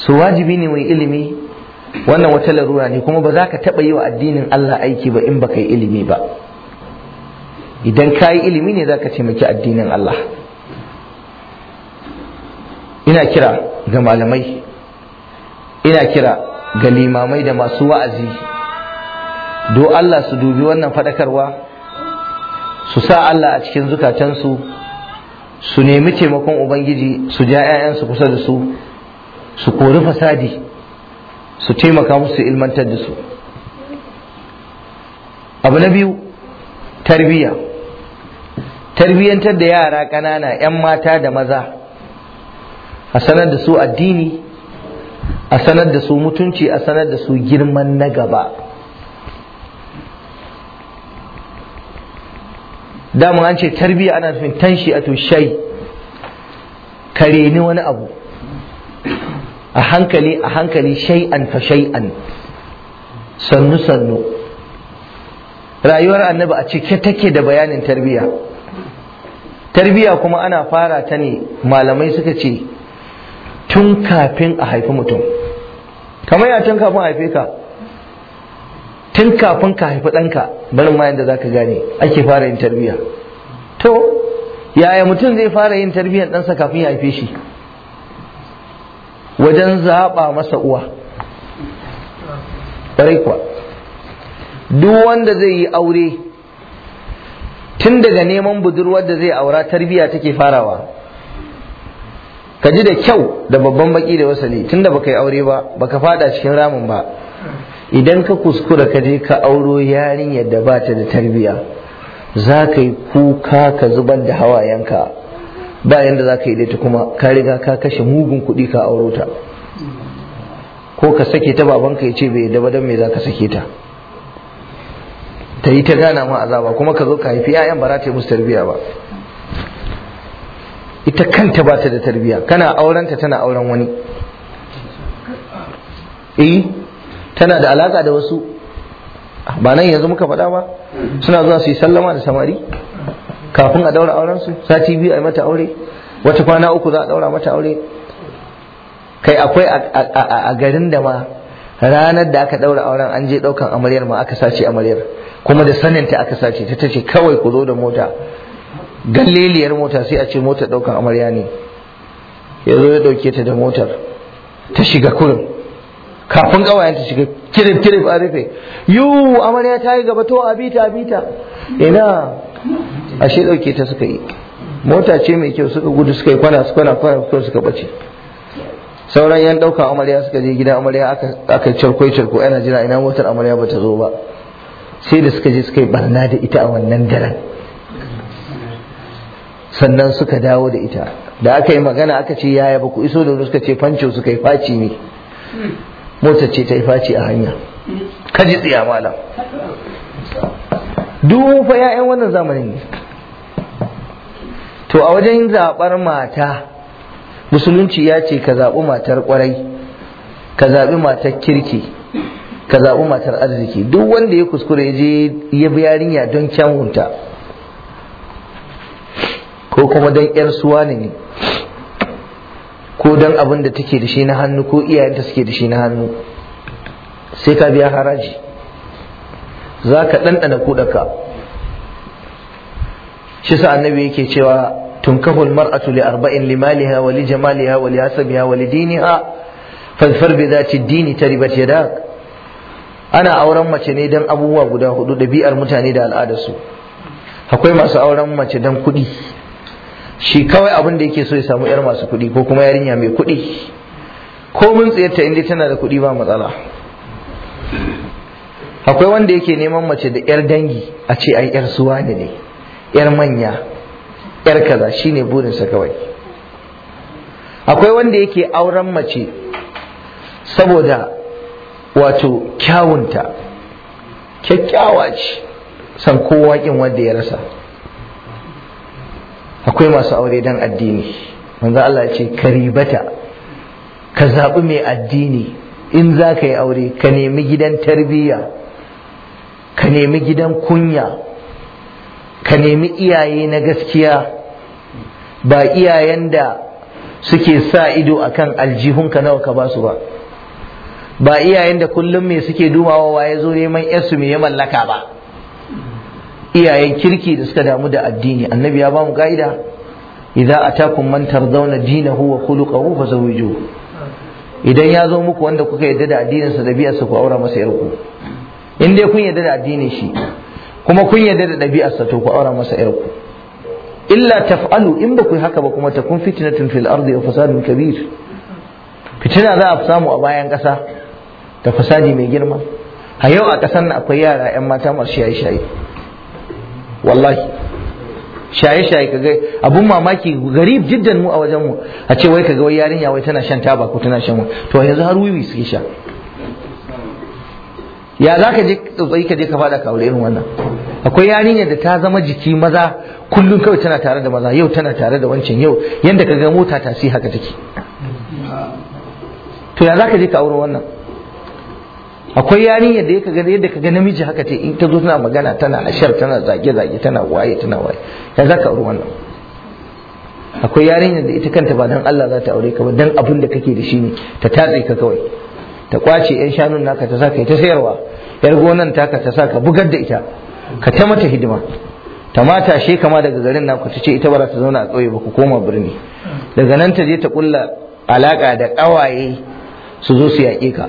su wajibi ne mai ilimi wannan wata larura ne kuma ba za ka taɓa yi wa addinin Allah aiki ba in baka yi ilimi ba idan ka yi ilimi ne za ka taimaki addinin Allah ina kira ga malamai ina kira ga limamai da masu wa'azi do Allah su dubi wannan faɗakarwa su sa Allah a cikin zukatansu su nemi taimakon ubangiji su ja 'ya'yansu kusa da su su kori fasadi su taimaka musu ilmantar da su abu na biyu tarbiyya tarbiyyantar da yara ƙanana 'yan mata da maza a sanar da su addini a sanar da su mutunci a sanar da su girman na gaba damun an ce tarbiya ana nufin tanshi a tushai Kare ni wani abu a hankali a hankali shay'an fa shay'an sannu sannu rayuwar annabi a cike take da bayanin tarbiya tarbiya kuma ana fara ta ne malamai suka ce tun kafin a haifi mutum kamar ya tun kafin a haife ka tun kafin ka haifi ɗanka barin ma yadda za ka gane ake fara yin tarbiyya to yaya mutum zai fara yin tarbiyyar ɗansa kafin ya haife shi wajen zaɓa masa uwa ɓarai kuwa duk wanda zai yi aure tun daga neman budurwar da zai aura tarbiyya take farawa ka ji da kyau da babban baki da wasali tun da baka yi aure ba baka fada cikin ramin ba idan ka kuskura ka je ka auro yarinyar da ba ta da tarbiya za ka yi kuka ka zubar da hawayenka ba yadda za ka yi ta kuma ka riga ka kashe mugun kuɗi ka auro ta ko ka sake ta babanka ya ce bai yadda ba don me za ka sake ta ta yi ta gana ma azaba kuma ka zo ka haifi 'ya'yan ba za yi musu tarbiya ba ita kanta ba ta da tarbiya kana aurenta tana auren wani eh tana da alaka da wasu ba nan yanzu muka faɗa ba suna zuwa su yi sallama da samari kafin a daura auren su sati biyu a mata aure wata kwana uku za a daura mata aure kai akwai a garin da ma ranar da aka daura auren an je daukan amaryar ma aka sace amaryar kuma da sanin ta aka sace ta tace kawai ku zo da mota galiliyar mota sai a ce mota daukan amarya ne ya zo ya ɗauke ta da motar ta shiga kurin kafin kawayen ta shiga kirif kirif a rufe yiwu amarya ta yi gaba to abita abita ina ashe dauke ta suka yi mota ce mai kyau suka gudu suka yi kwana su kwana kwana su suka bace sauran yan dauka amarya suka je gidan amarya aka aka charkoi charko ana jira ina motar amarya bata zo ba sai da suka je suka yi barna da ita a wannan daren sannan suka dawo da ita da aka yi magana aka ce yaya ba ku iso da suka ce fanco suka yi faci ne
motar ce ta yi faci a
hanya kaji tsiya malam duk fa 'ya'yan wannan zamanin ne to a wajen zaɓar mata musulunci ya ce ka zaɓi matar ƙwarai ka zaɓi matar kirki ka zaɓi matar arziki duk wanda ya kuskure je ya bi yarinya don kyanwunta ko kuma don 'yar suwa ne ko don abin da take da shi na hannu ko iyayenta suke da shi na hannu sai ka biya haraji za ka ɗanɗana kuɗaka shi sa annabi yake cewa tunkahul mar'atu li arba'in li maliha wa li jamaliha wa li hasabiha wa li diniha fadfar bi zati dini taribat yadak ana auren mace ne don abubuwa guda hudu ɗabi'ar mutane da al'adarsu akwai masu auren mace don kuɗi shi kawai abin da yake so ya samu yar masu kuɗi ko kuma yarinya mai kuɗi ko mun tsayarta inda tana da kuɗi ba matsala akwai wanda yake neman mace da yar dangi a ce ai yar suwa ne ne yar manya yar kaza shine burinsa kawai akwai wanda yake auren mace saboda wato kyawunta kyakkyawa ce san kowa kin wanda ya rasa akwai masu aure dan addini manzo Allah ce karibata ka zaɓi mai addini in za ka yi aure ka nemi gidan tarbiyya ka nemi gidan kunya ka nemi iyaye na gaskiya ba iyayen da suke sa ido akan aljihunka nawa ka basu ba ba iyayen da kullum me suke dumawa ya zo neman yarsu me ya mallaka ba iyayen kirki da suka damu da addini annabi ya ba mu ka'ida idza atakum man tardawna dinahu wa khuluquhu fazawiju idan ya zo muku wanda kuka yarda da addinin sa da biyarsa ku aura masa yarku in dai kun yarda da addinin shi kuma kun yarda da ɗabi'arsa to ku aura masa yarku illa taf'alu in ba ku haka ba kuma ta fitina fitnatun fil ardi wa fasadun kabir fitina za a samu a bayan ƙasa ta fasadi mai girma a yau a ƙasar na akwai yara 'yan mata masu shaye-shaye wallahi shaye-shaye kaga abun mamaki garib jiddan mu a wajen mu a ce wai kaga wai yarinya wai tana shan taba ko tana shan to yanzu har wiwi suke sha ya za ka je tsotsai ka je ka fada aure irin wannan akwai yarinya da ta zama jiki maza kullum kawai tana tare da maza yau tana tare da wancan yau yanda ga mota ta si haka take to ya za ka je ka aure wannan akwai yarinyar da yake yadda ka ga namiji haka ce in ta zo tana magana tana ashar tana zage zage tana waye tana waye ya zaka aure wannan akwai yarinyar da ita kanta ba dan Allah za ta aure ka ba dan abin da kake da shi ne ta tatse ka kawai ta kwace yan shanun naka ta saka ta sayarwa yar gonan taka ta saka bugar da ita ka ta mata hidima ta mata she kama daga garin naku ta ce ita ba ta zauna a tsoye ba ku koma birni daga nan ta je ta kulla alaka da ƙawaye su zo su yaƙe ka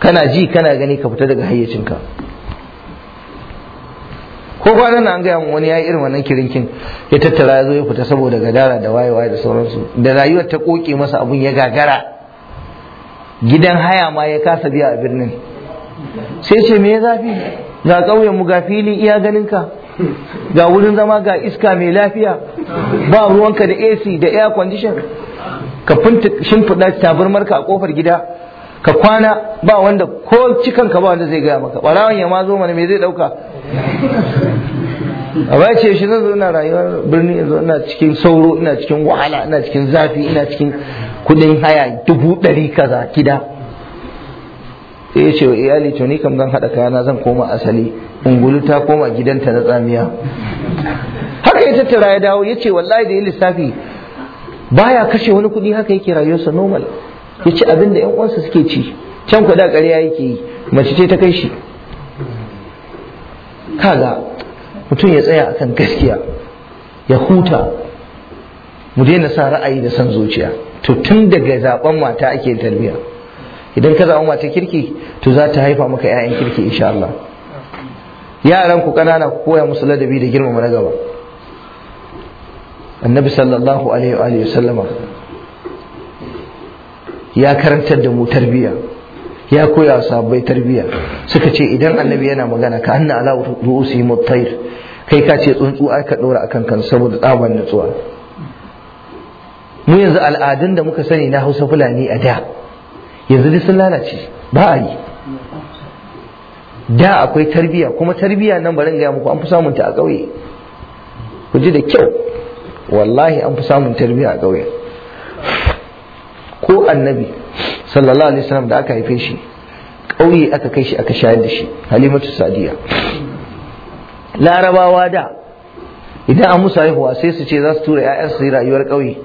kana ji kana gani ka fita daga hayyacinka ko kwanan na an gaya mun wani ya yi irin wannan kirinkin ya tattara ya zo ya fita saboda gadara da wayewa da sauransu da rayuwar ta koke masa abun ya gagara gidan haya ma ya kasa biya a birnin sai ce me ya zafi ga ƙauyen mu ga fili iya ganin ka, ga wurin zama ga iska mai lafiya ba ruwanka da AC da air condition ka shimfiɗa tabarmarka a ƙofar gida ka kwana ba wanda ko cikan ka ba wanda zai gaya maka barawan ya ma zo mana me zai dauka a ba ce shi zan zo ina rayuwar birni yanzu ina cikin sauro ina cikin wahala ina cikin zafi ina cikin kudin haya dubu ɗari kaza gida sai ya ce wa iyali to ni kam zan haɗa kayana zan koma asali ungulu ta koma gidanta na tsamiya haka ya tattara ya dawo ya ce wallahi da ya lissafi baya kashe wani kuɗi haka yake rayuwarsa normal ya ci abin da 'yan uwansa suke ci can da ƙarya yake yi mace ce ta kai shi kaga mutum ya tsaya akan gaskiya ya huta mu daina sa ra'ayi da son zuciya to tun daga zaben mata ake tarbiyya idan ka zaɓa mata kirki to za ta haifa maka 'ya'yan kirki insha Allah yaran ku ƙanana ku koya musu ladabi da girmama na gaba annabi sallallahu alaihi wa sallama ya karantar da mu tarbiyya ya koya wa sahabbai tarbiyya suka ce idan annabi yana magana ka anna ala ru'usi mutair kai ka ce tsuntsu ai ka dora akan kan saboda tsaban nutsuwa mu yanzu al'adun da muka sani na Hausa Fulani a da yanzu duk sun lalace ba a yi da akwai tarbiyya kuma tarbiyya nan barin gaya muku an fi samun ta a ƙauye ku ji da kyau wallahi an fi samun tarbiya a ƙauye ko annabi sallallahu alaihi wasallam da aka haife shi ƙauye aka kai shi aka shayar da shi halimatu sadiya larabawa da idan an musu haihuwa sai su ce za su tura 'ya'yansu su rayuwar ƙauye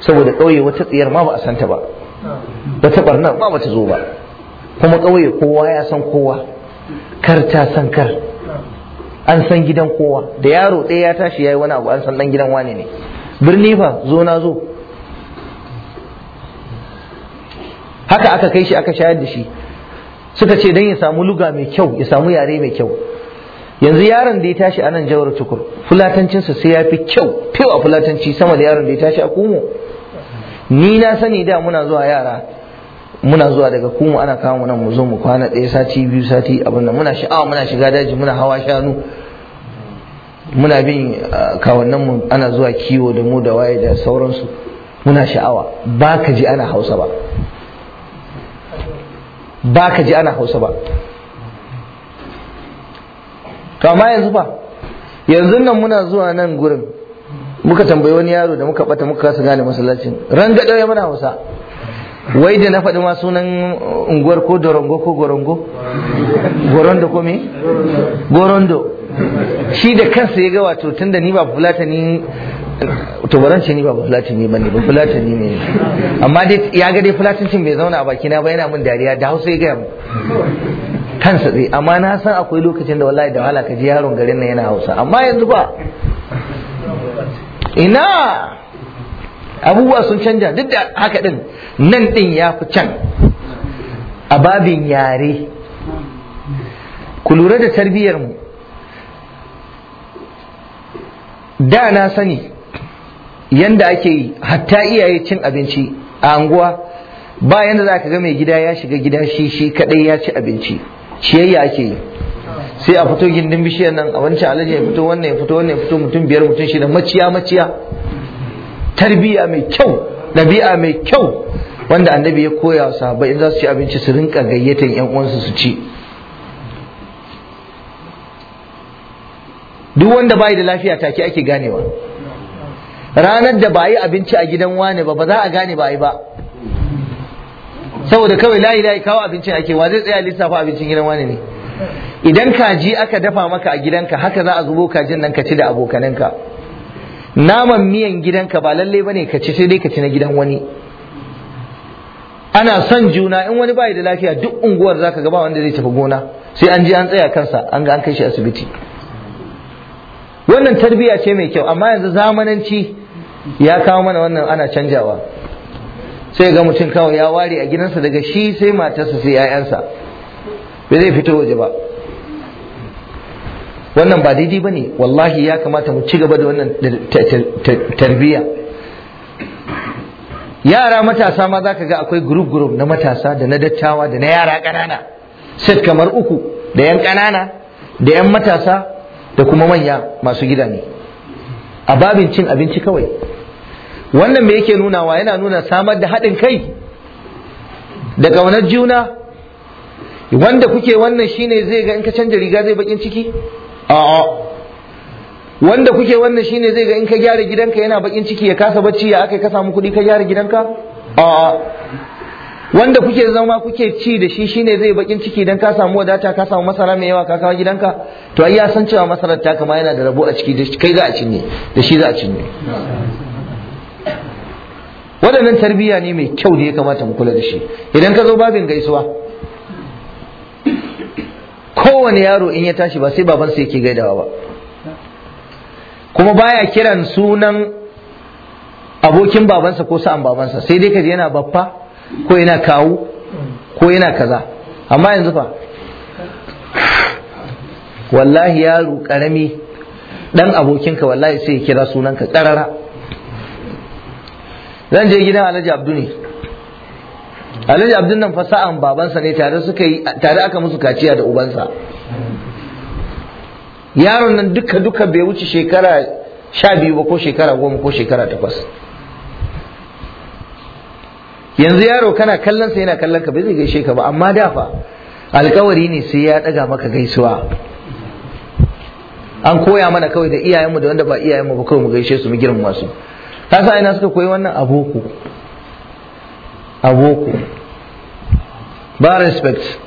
saboda ƙauye wata tsiyar ma ba a santa ba wata barnar ba ta zo ba kuma ƙauye kowa ya san kowa kar ta san kar an san gidan kowa da yaro ɗaya ya tashi ya yi wani abu an san ɗan gidan wane ne birni fa zo na zo haka aka kai shi aka shayar da shi suka ce don ya samu luga mai kyau ya samu yare mai kyau yanzu yaron da ya tashi anan jawar tukur fulatancinsa sai ya fi kyau fiwa a fulatanci sama da yaron da ya tashi a kumo ni na sani da muna zuwa yara muna zuwa daga kumo ana kawo nan mu zo mu kwana ɗaya sati biyu sati abin nan muna sha'awa muna shiga daji muna hawa shanu muna bin kawannan mu ana zuwa kiwo da mu da waye da sauransu muna sha'awa ba ka ji ana hausa ba ba ka ji ana hausa ba to amma yanzu ba yanzu nan muna zuwa nan gurin muka tambayi wani yaro da muka bata muka kasa gane masallacin ran ɗaya mana hausa wai da na faɗi ma sunan unguwar ko dorongo ko gorongo gorondo ko me gorondo shi da kansa ya ga wato tunda ni ba fulata ni to ba ce ni ba fulatani ba ne ba fulatani ne amma dai ya ga dai fulatancin bai zauna a bakina ba yana min dariya da hausa ya gaya mu kansa tsaye amma na san akwai lokacin da wallahi da wala ka yaron garin na yana hausa amma yanzu ba ina abubuwa sun canja duk da haka din nan din ya fi can a babin yare ku lura da tarbiyyar mu da na sani yanda ake yi hatta iyaye cin abinci a anguwa ba yanda za ka ga mai gida ya shiga gida shi shi kadai ya ci abinci ciyayya ake yi sai a fito gindin bishiyar nan a wancan alaji ya fito wannan ya fito wannan ya fito mutum biyar mutum shida maciya maciya tarbiya mai kyau ɗabi'a mai kyau wanda annabi ya koya wa sahabbai in za su ci abinci su rinka gayyatan yan uwansu su ci duk wanda bai da lafiya take ake ganewa ranar da ba yi abinci a gidan wani ba ba za a gane ba yi ba saboda kawai layi layi kawo abincin ake wa zai tsaya lissafa abincin gidan wani ne idan kaji aka dafa maka a gidanka haka za a zubo kajin nan ka ci da abokananka naman miyan gidanka ba lalle bane ka ci sai dai ka ci na gidan wani ana son juna in wani bayi da lafiya duk unguwar zaka ga ba wanda zai tafi gona sai an je an tsaya kansa an ga an kai shi asibiti wannan tarbiya ce mai kyau amma yanzu zamananci ya kawo mana wannan ana canjawa sai ga mutum kawai ya ware a gidansa daga shi sai matarsa sai 'ya'yansa ba zai fito waje ba wannan ba daidai ba ne wallahi ya kamata mu ci gaba da wannan tarbiya yara matasa ma za ka ga akwai group group na matasa da na dattawa da na yara ƙanana set kamar uku da yan ƙanana da yan matasa da kuma manya masu gida ne a babin cin abinci kawai wannan me yake nunawa yana nuna samar da haɗin kai da ƙaunar juna wanda kuke wannan shine zai ga in ka canja riga zai bakin ciki a'a wanda kuke wannan shine zai ga in ka gyara gidanka yana bakin ciki ya kasa bacci ya aka ka samu kuɗi ka gyara gidanka a'a wanda kuke zama kuke ci da shi shine zai bakin ciki dan ka samu wadata ka samu masara mai yawa ka kawo gidanka
to ai ya san cewa
masarar ta kama yana da rabo a ciki da kai za a cinye da shi za a cinye waɗannan tarbiyya ne mai kyau da ya kamata mu kula da shi idan ka zo babin gaisuwa kowane yaro in ya tashi ba sai babansa yake gaidawa ba kuma baya kiran sunan abokin babansa ko sa'an babansa sai dai kaji yana baffa ko yana kawu ko yana kaza amma yanzu fa wallahi yaro karami dan abokinka wallahi sai ya kira sunanka karara zan je gidan alhaji abdu ne alhaji abdu nan fa sa'an babansa ne tare suka yi tare aka musu kaciya da ubansa yaron nan duka duka bai wuce shekara sha biyu ba ko shekara goma ko shekara takwas yanzu yaro kana kallon sa yana kallon ka bai zai gaishe ka ba amma da fa alkawari ne sai ya daga maka gaisuwa an koya mana kawai da iyayenmu da wanda ba iyayenmu ba kawai mu gaishe su mu girmama su ka sa ina suka koyi wannan aboko aboko ba respect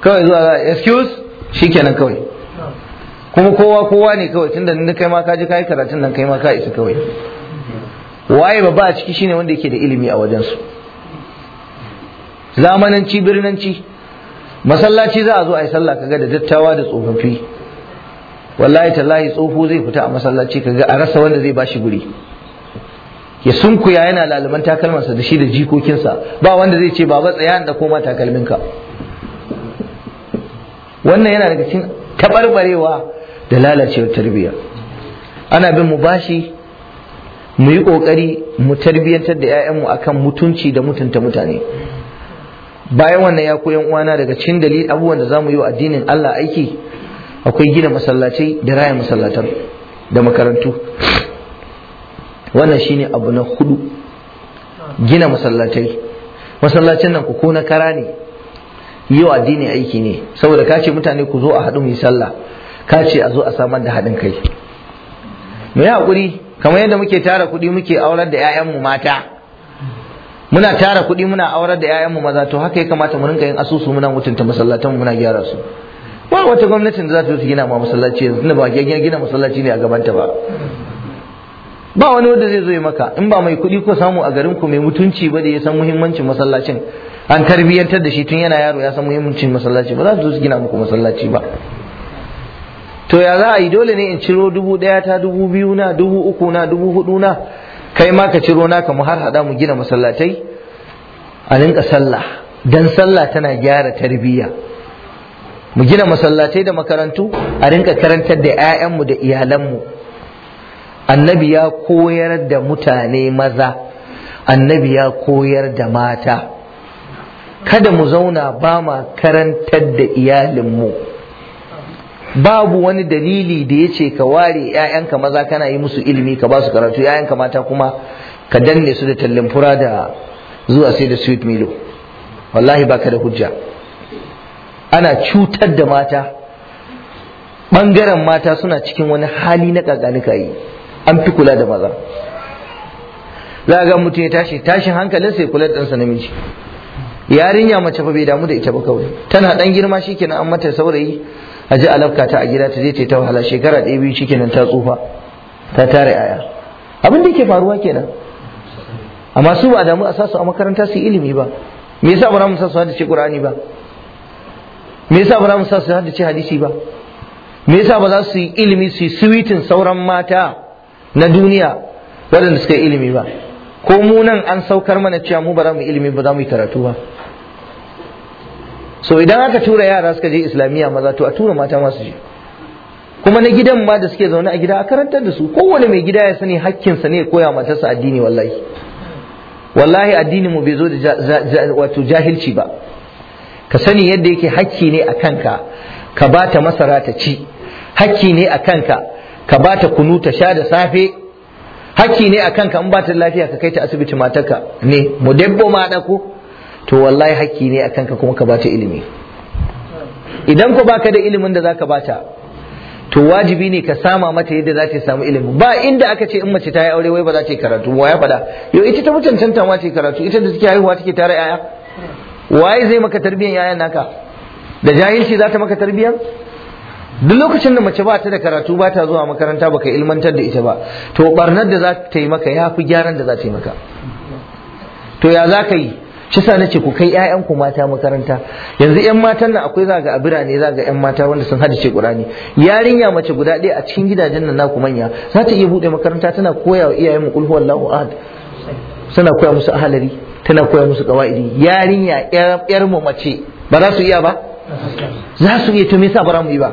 kawai zuwa ga excuse shikenan kawai kuma kowa kowa ne kawai tunda ni kai ma ka je kai karatun nan kai ma ka isa kawai waye babba a ciki shine wanda yake da ilimi a wajen su. zamananci birnanci masallaci za a zo a yi sallah kaga da dattawa da tsofaffi wallahi tallahi tsofo zai fita a masallaci kaga a rasa wanda zai bashi guri ya sunkuya yana laliban takalmansa da shi da jikokinsa ba wanda zai ce baba tsaya da koma takalmin ka. wannan yana daga cikin tabarbarewa da lalacewar tarbiyya ana bin mu bashi mu yi ƙoƙari mu tarbiyyantar da 'ya'yanmu akan mutunci da mutunta mutane bayan wannan ya koyan uwana daga cikin dalil abubuwan da zamu yi wa addinin Allah aiki akwai gina masallacai da raya masallatan da makarantu wannan shine abu na hudu gina masallatai masallacin nan ku ko na kara ne yi wa addini aiki ne saboda ka ce mutane ku zo a haɗu mu yi sallah kace a zo a samar da haɗin kai mu yi haƙuri kamar yadda muke tara kuɗi muke aurar da 'ya'yanmu mata muna tara kuɗi muna aurar da 'ya'yanmu maza to haka ya kamata mu rinka yin asusu muna mutunta masallatan muna gyara su ba wata gwamnatin da za ta zo gina ma masallaci yanzu tunda ba gina masallaci ne a gabanta ba ba wani wanda zai zo ya maka in ba mai kuɗi ko samu a garin ku mai mutunci ba da ya san muhimmancin masallacin an tarbiyyantar da shi tun yana yaro ya san muhimmancin masallaci ba za su zo su gina muku masallaci ba to ya za a yi dole ne in ciro dubu ɗaya ta dubu biyu na dubu uku na dubu hudu na kai ma ka ciro na kamar har hada mu gina masallatai a rinka sallah dan sallah tana gyara tarbiyya mu gina masallatai da makarantu a rinka karantar da 'ya'yanmu da iyalanmu annabi ya koyar da mutane maza annabi ya koyar da mata kada mu zauna ba ma karantar da iyalinmu babu wani dalili da ya ce ka ware 'ya'yanka maza kana yi musu ilimi ka ba su karatu 'ya'yanka mata kuma ka danne su da tallin fura da zuwa sai da sweet milo wallahi baka da hujja ana cutar da mata Bangaren mata suna cikin wani hali na kakanika yi an fi kula da maza za ga mutum ya tashi tashin hankalin sai kula da ɗansa namiji yarinya mace fa bai damu da ita ba kawai tana ɗan girma shi kenan an mata saurayi a ji alafka ta a gida ta je ta wahala shekara ɗaya biyu shi kenan ta tsufa ta tare aya abin da yake faruwa kenan amma su ba a damu a sasu a makaranta su ilimi ba me yasa ba mu sasu haddace qur'ani ba me yasa ba mu sasu haddace hadisi ba me yasa ba za su yi ilimi su yi suwitin sauran mata na duniya waɗanda suka yi ilimi ba ko mu nan an saukar mana cewa mu ba za mu ilimi ba za mu yi karatu ba so idan aka tura yara suka je islamiyya maza to a tura mata masu je kuma na gidan ma da suke zaune a gida a karantar da su kowane mai gida ya sani hakkinsa ne koya matarsa addini wallahi wallahi addini mu bai zo da wato jahilci ba ka sani yadda yake hakki ne a kanka ka ba ta masara ta ci hakki ne a kanka ka ba ta kunu ta sha da safe hakki ne a kanka in ba ta lafiya ka kai ta asibiti matarka ne mu dabbo ma ko to wallahi hakki ne akan ka kuma ka bata ilimi idan ko baka da ilimin da zaka bata to wajibi ne ka sama mata yadda za ta samu ilimi ba inda aka ce in mace ta yi aure wai ba za ta yi karatu wa ya faɗa yau ita ta mutuncanta ma ta yi karatu ita da take haihuwa take tara yaya waye zai maka tarbiyan yayan naka da jahilci za ta maka tarbiyan duk lokacin da mace ba ta da karatu ba ta zuwa makaranta baka ilmantar da ita ba to barnar da za ta yi maka ya fi gyaran da za ta yi maka to ya za ka yi shi sa ce ku kai ku mata makaranta yanzu 'yan matan nan akwai zaga a birane zaga 'yan mata wanda sun hadace Qur'ani yarinya mace guda ɗaya a cikin gidajen nan naku manya za ta iya bude makaranta tana koya wa iyayen mu qul huwallahu ahad tana koya musu ahalari tana koya musu qawaidi yarinya ƴar mu mace ba za su iya ba za su iya to me yasa ba mu yi ba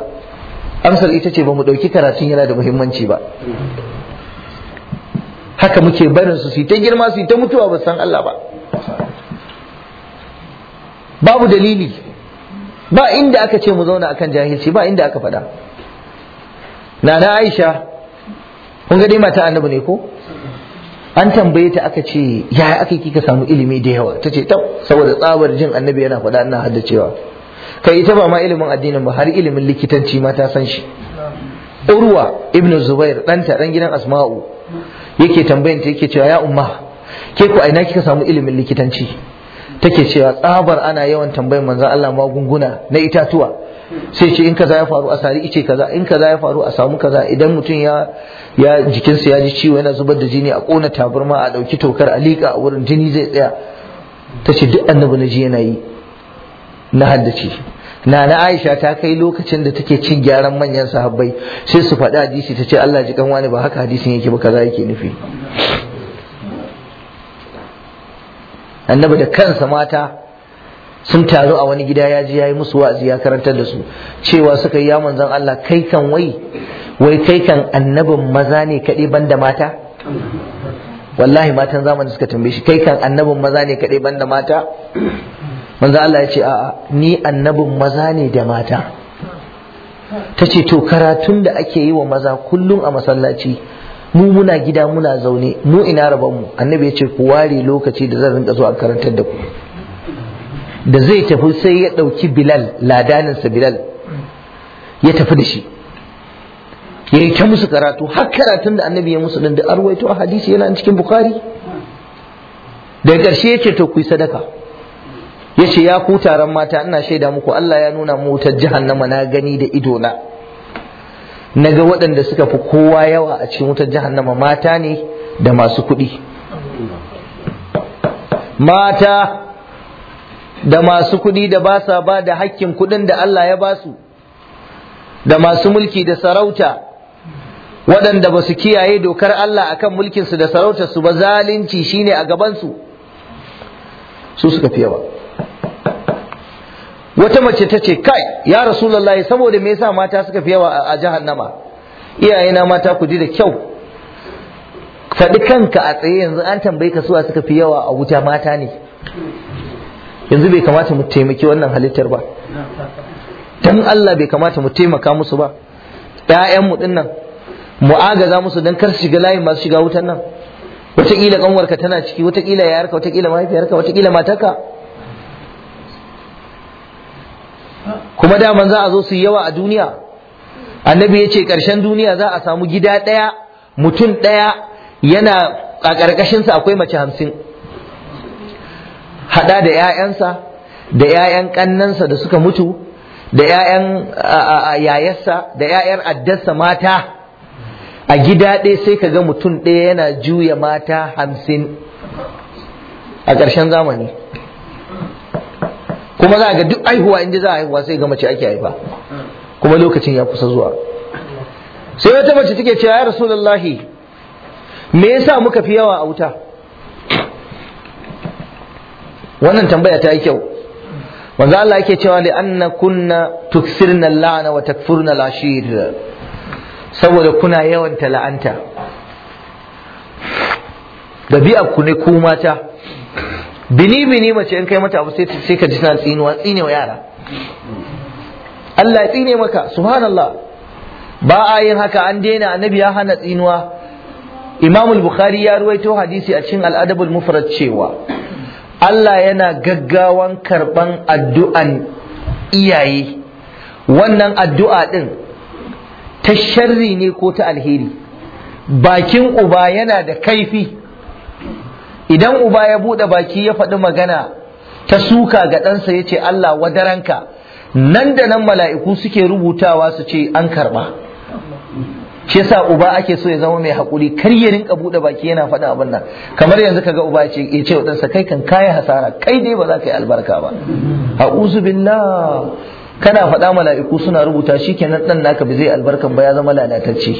amsar ita ce ba mu ɗauki karatun yana da muhimmanci ba haka muke barin su su ta girma su ta mutuwa ba san Allah ba babu dalili ba inda aka ce mu zauna akan jahilci ba inda aka faɗa Nana aisha kun ga dai mata annabi ne ko an tambaye ta aka ce yaya aka kika samu ilimi da yawa ta ce tab saboda tsabar jin annabi yana faɗa ina cewa. kai ita ba ma ilimin addinin ba har ilimin likitanci ma ta san shi urwa ibnu zubair ɗanta ɗan gidan asma'u yake tambayanta yake cewa ya umma ke ku aina kika samu ilimin likitanci take cewa tsabar ana yawan tambayar manzon Allah magunguna na itatuwa sai ce in kaza ya faru a sari ice kaza in kaza ya faru a samu kaza idan mutum ya ya jikinsa ya ji ciwo yana zubar da jini a kona taburma a dauki tokar a liƙa a wurin jini zai tsaya ta ce duk annabi na ji yana yi na haddace na Aisha ta kai lokacin da take cin gyaran manyan sahabbai sai su faɗi hadisi ta ce Allah ji kan wani ba haka hadisin yake ba kaza yake nufi annabi da kansa mata sun taru a wani gida ya ji ya yi musu wa'azi ya karantar da su cewa suka yi ya manzon Allah kai kan wai wai kai kan annabin maza ne kaɗai banda mata wallahi matan zamani suka tambaye shi kai kan annabin maza ne kaɗai banda mata manzon Allah ya ce a'a ni annabin maza ne da mata
ta ce to karatun
da ake yi wa maza kullum a masallaci mu muna gida muna zaune mu ina rabon mu annabi ya ce ku ware lokaci da zan rinka zuwa karantar da ku da zai tafi sai ya ɗauki bilal ladaninsa bilal ya tafi da shi ya yi ta musu karatu har karatun da annabi ya musu din da arwaito a hadisi yana cikin bukari daga ƙarshe ya ce to ku yi sadaka ya ce ya ku taron mata ina shaida muku Allah ya nuna mu wutar jahannama na gani da idona na ga waɗanda suka fi kowa yawa a cikin wutar jahannama mata ne da masu kuɗi mata da masu kuɗi da ba sa ba da hakkin kuɗin da Allah ya ba su da masu mulki da sarauta waɗanda ba su kiyaye dokar Allah a akan mulkinsu da sarautarsu ba zalunci shine a gabansu su suka fi yawa wata mace ta ce kai ya rasulullahi saboda me yasa mata suka fi yawa a jahannama iyayena mata ku ji da kyau faɗi kanka a tsaye yanzu an tambayi ka suwa suka fi yawa a wuta mata ne yanzu bai kamata mu taimaki wannan halittar ba dan Allah bai kamata mu taimaka musu ba mu dinnan mu agaza musu Dan kar su shiga layin masu shiga wutan nan wataƙila kanwarka tana ciki wataƙila yarka wataƙila mahaifiyarka wataƙila matarka kuma daman za a zo su yi yawa a duniya annabi ya ce ƙarshen duniya za a samu gida ɗaya mutum ɗaya yana a ƙarƙashinsa akwai mace hamsin haɗa da 'ya'yansa da 'ya'yan ƙannansa da suka mutu da 'ya'yan yayarsa da 'ya'yan addarsa mata a gida ɗaya sai ka ga mutum ɗaya yana juya mata hamsin a ƙarshen zamani kuma za ga duk aihuwa inda za a aihuwa sai ga mace ake haifa kuma lokacin ya kusa zuwa sai wata mace take cewa ya rasulullahi me yasa muka fi yawa a wuta wannan tambaya ta yi kyau manzo Allah yake cewa li anna kunna tukthirna lana wa takfurna lashir saboda kuna yawan la'anta. dabi'a ku ne ku mata bini bini mace in kai mata abu sai ka ji tana tsinuwa tsine wa yara Allah ya tsine maka subhanallah ba a yin haka an daina annabi ya hana tsinuwa Imam Bukhari ya ruwaito hadisi a cikin Al-Adabul Mufrad cewa Allah yana gaggawan karban addu'an iyaye wannan addu'a din ta sharri ne ko ta alheri bakin uba yana da kaifi idan uba ya buɗe baki ya faɗi magana ta suka ga ɗansa ya ce Allah wadaranka nan da nan mala'iku suke rubutawa su ce an karɓa shi sa uba ake so ya zama mai hakuri kar ya rinka buɗe baki yana faɗa abin nan kamar yanzu kaga uba ya ce ya ce ɗansa kai kan kayi hasara kai dai ba za ka yi albarka ba a'udhu billah kana faɗa mala'iku suna rubuta shi kenan ɗan naka ba zai albarkan ba ya zama lalatacce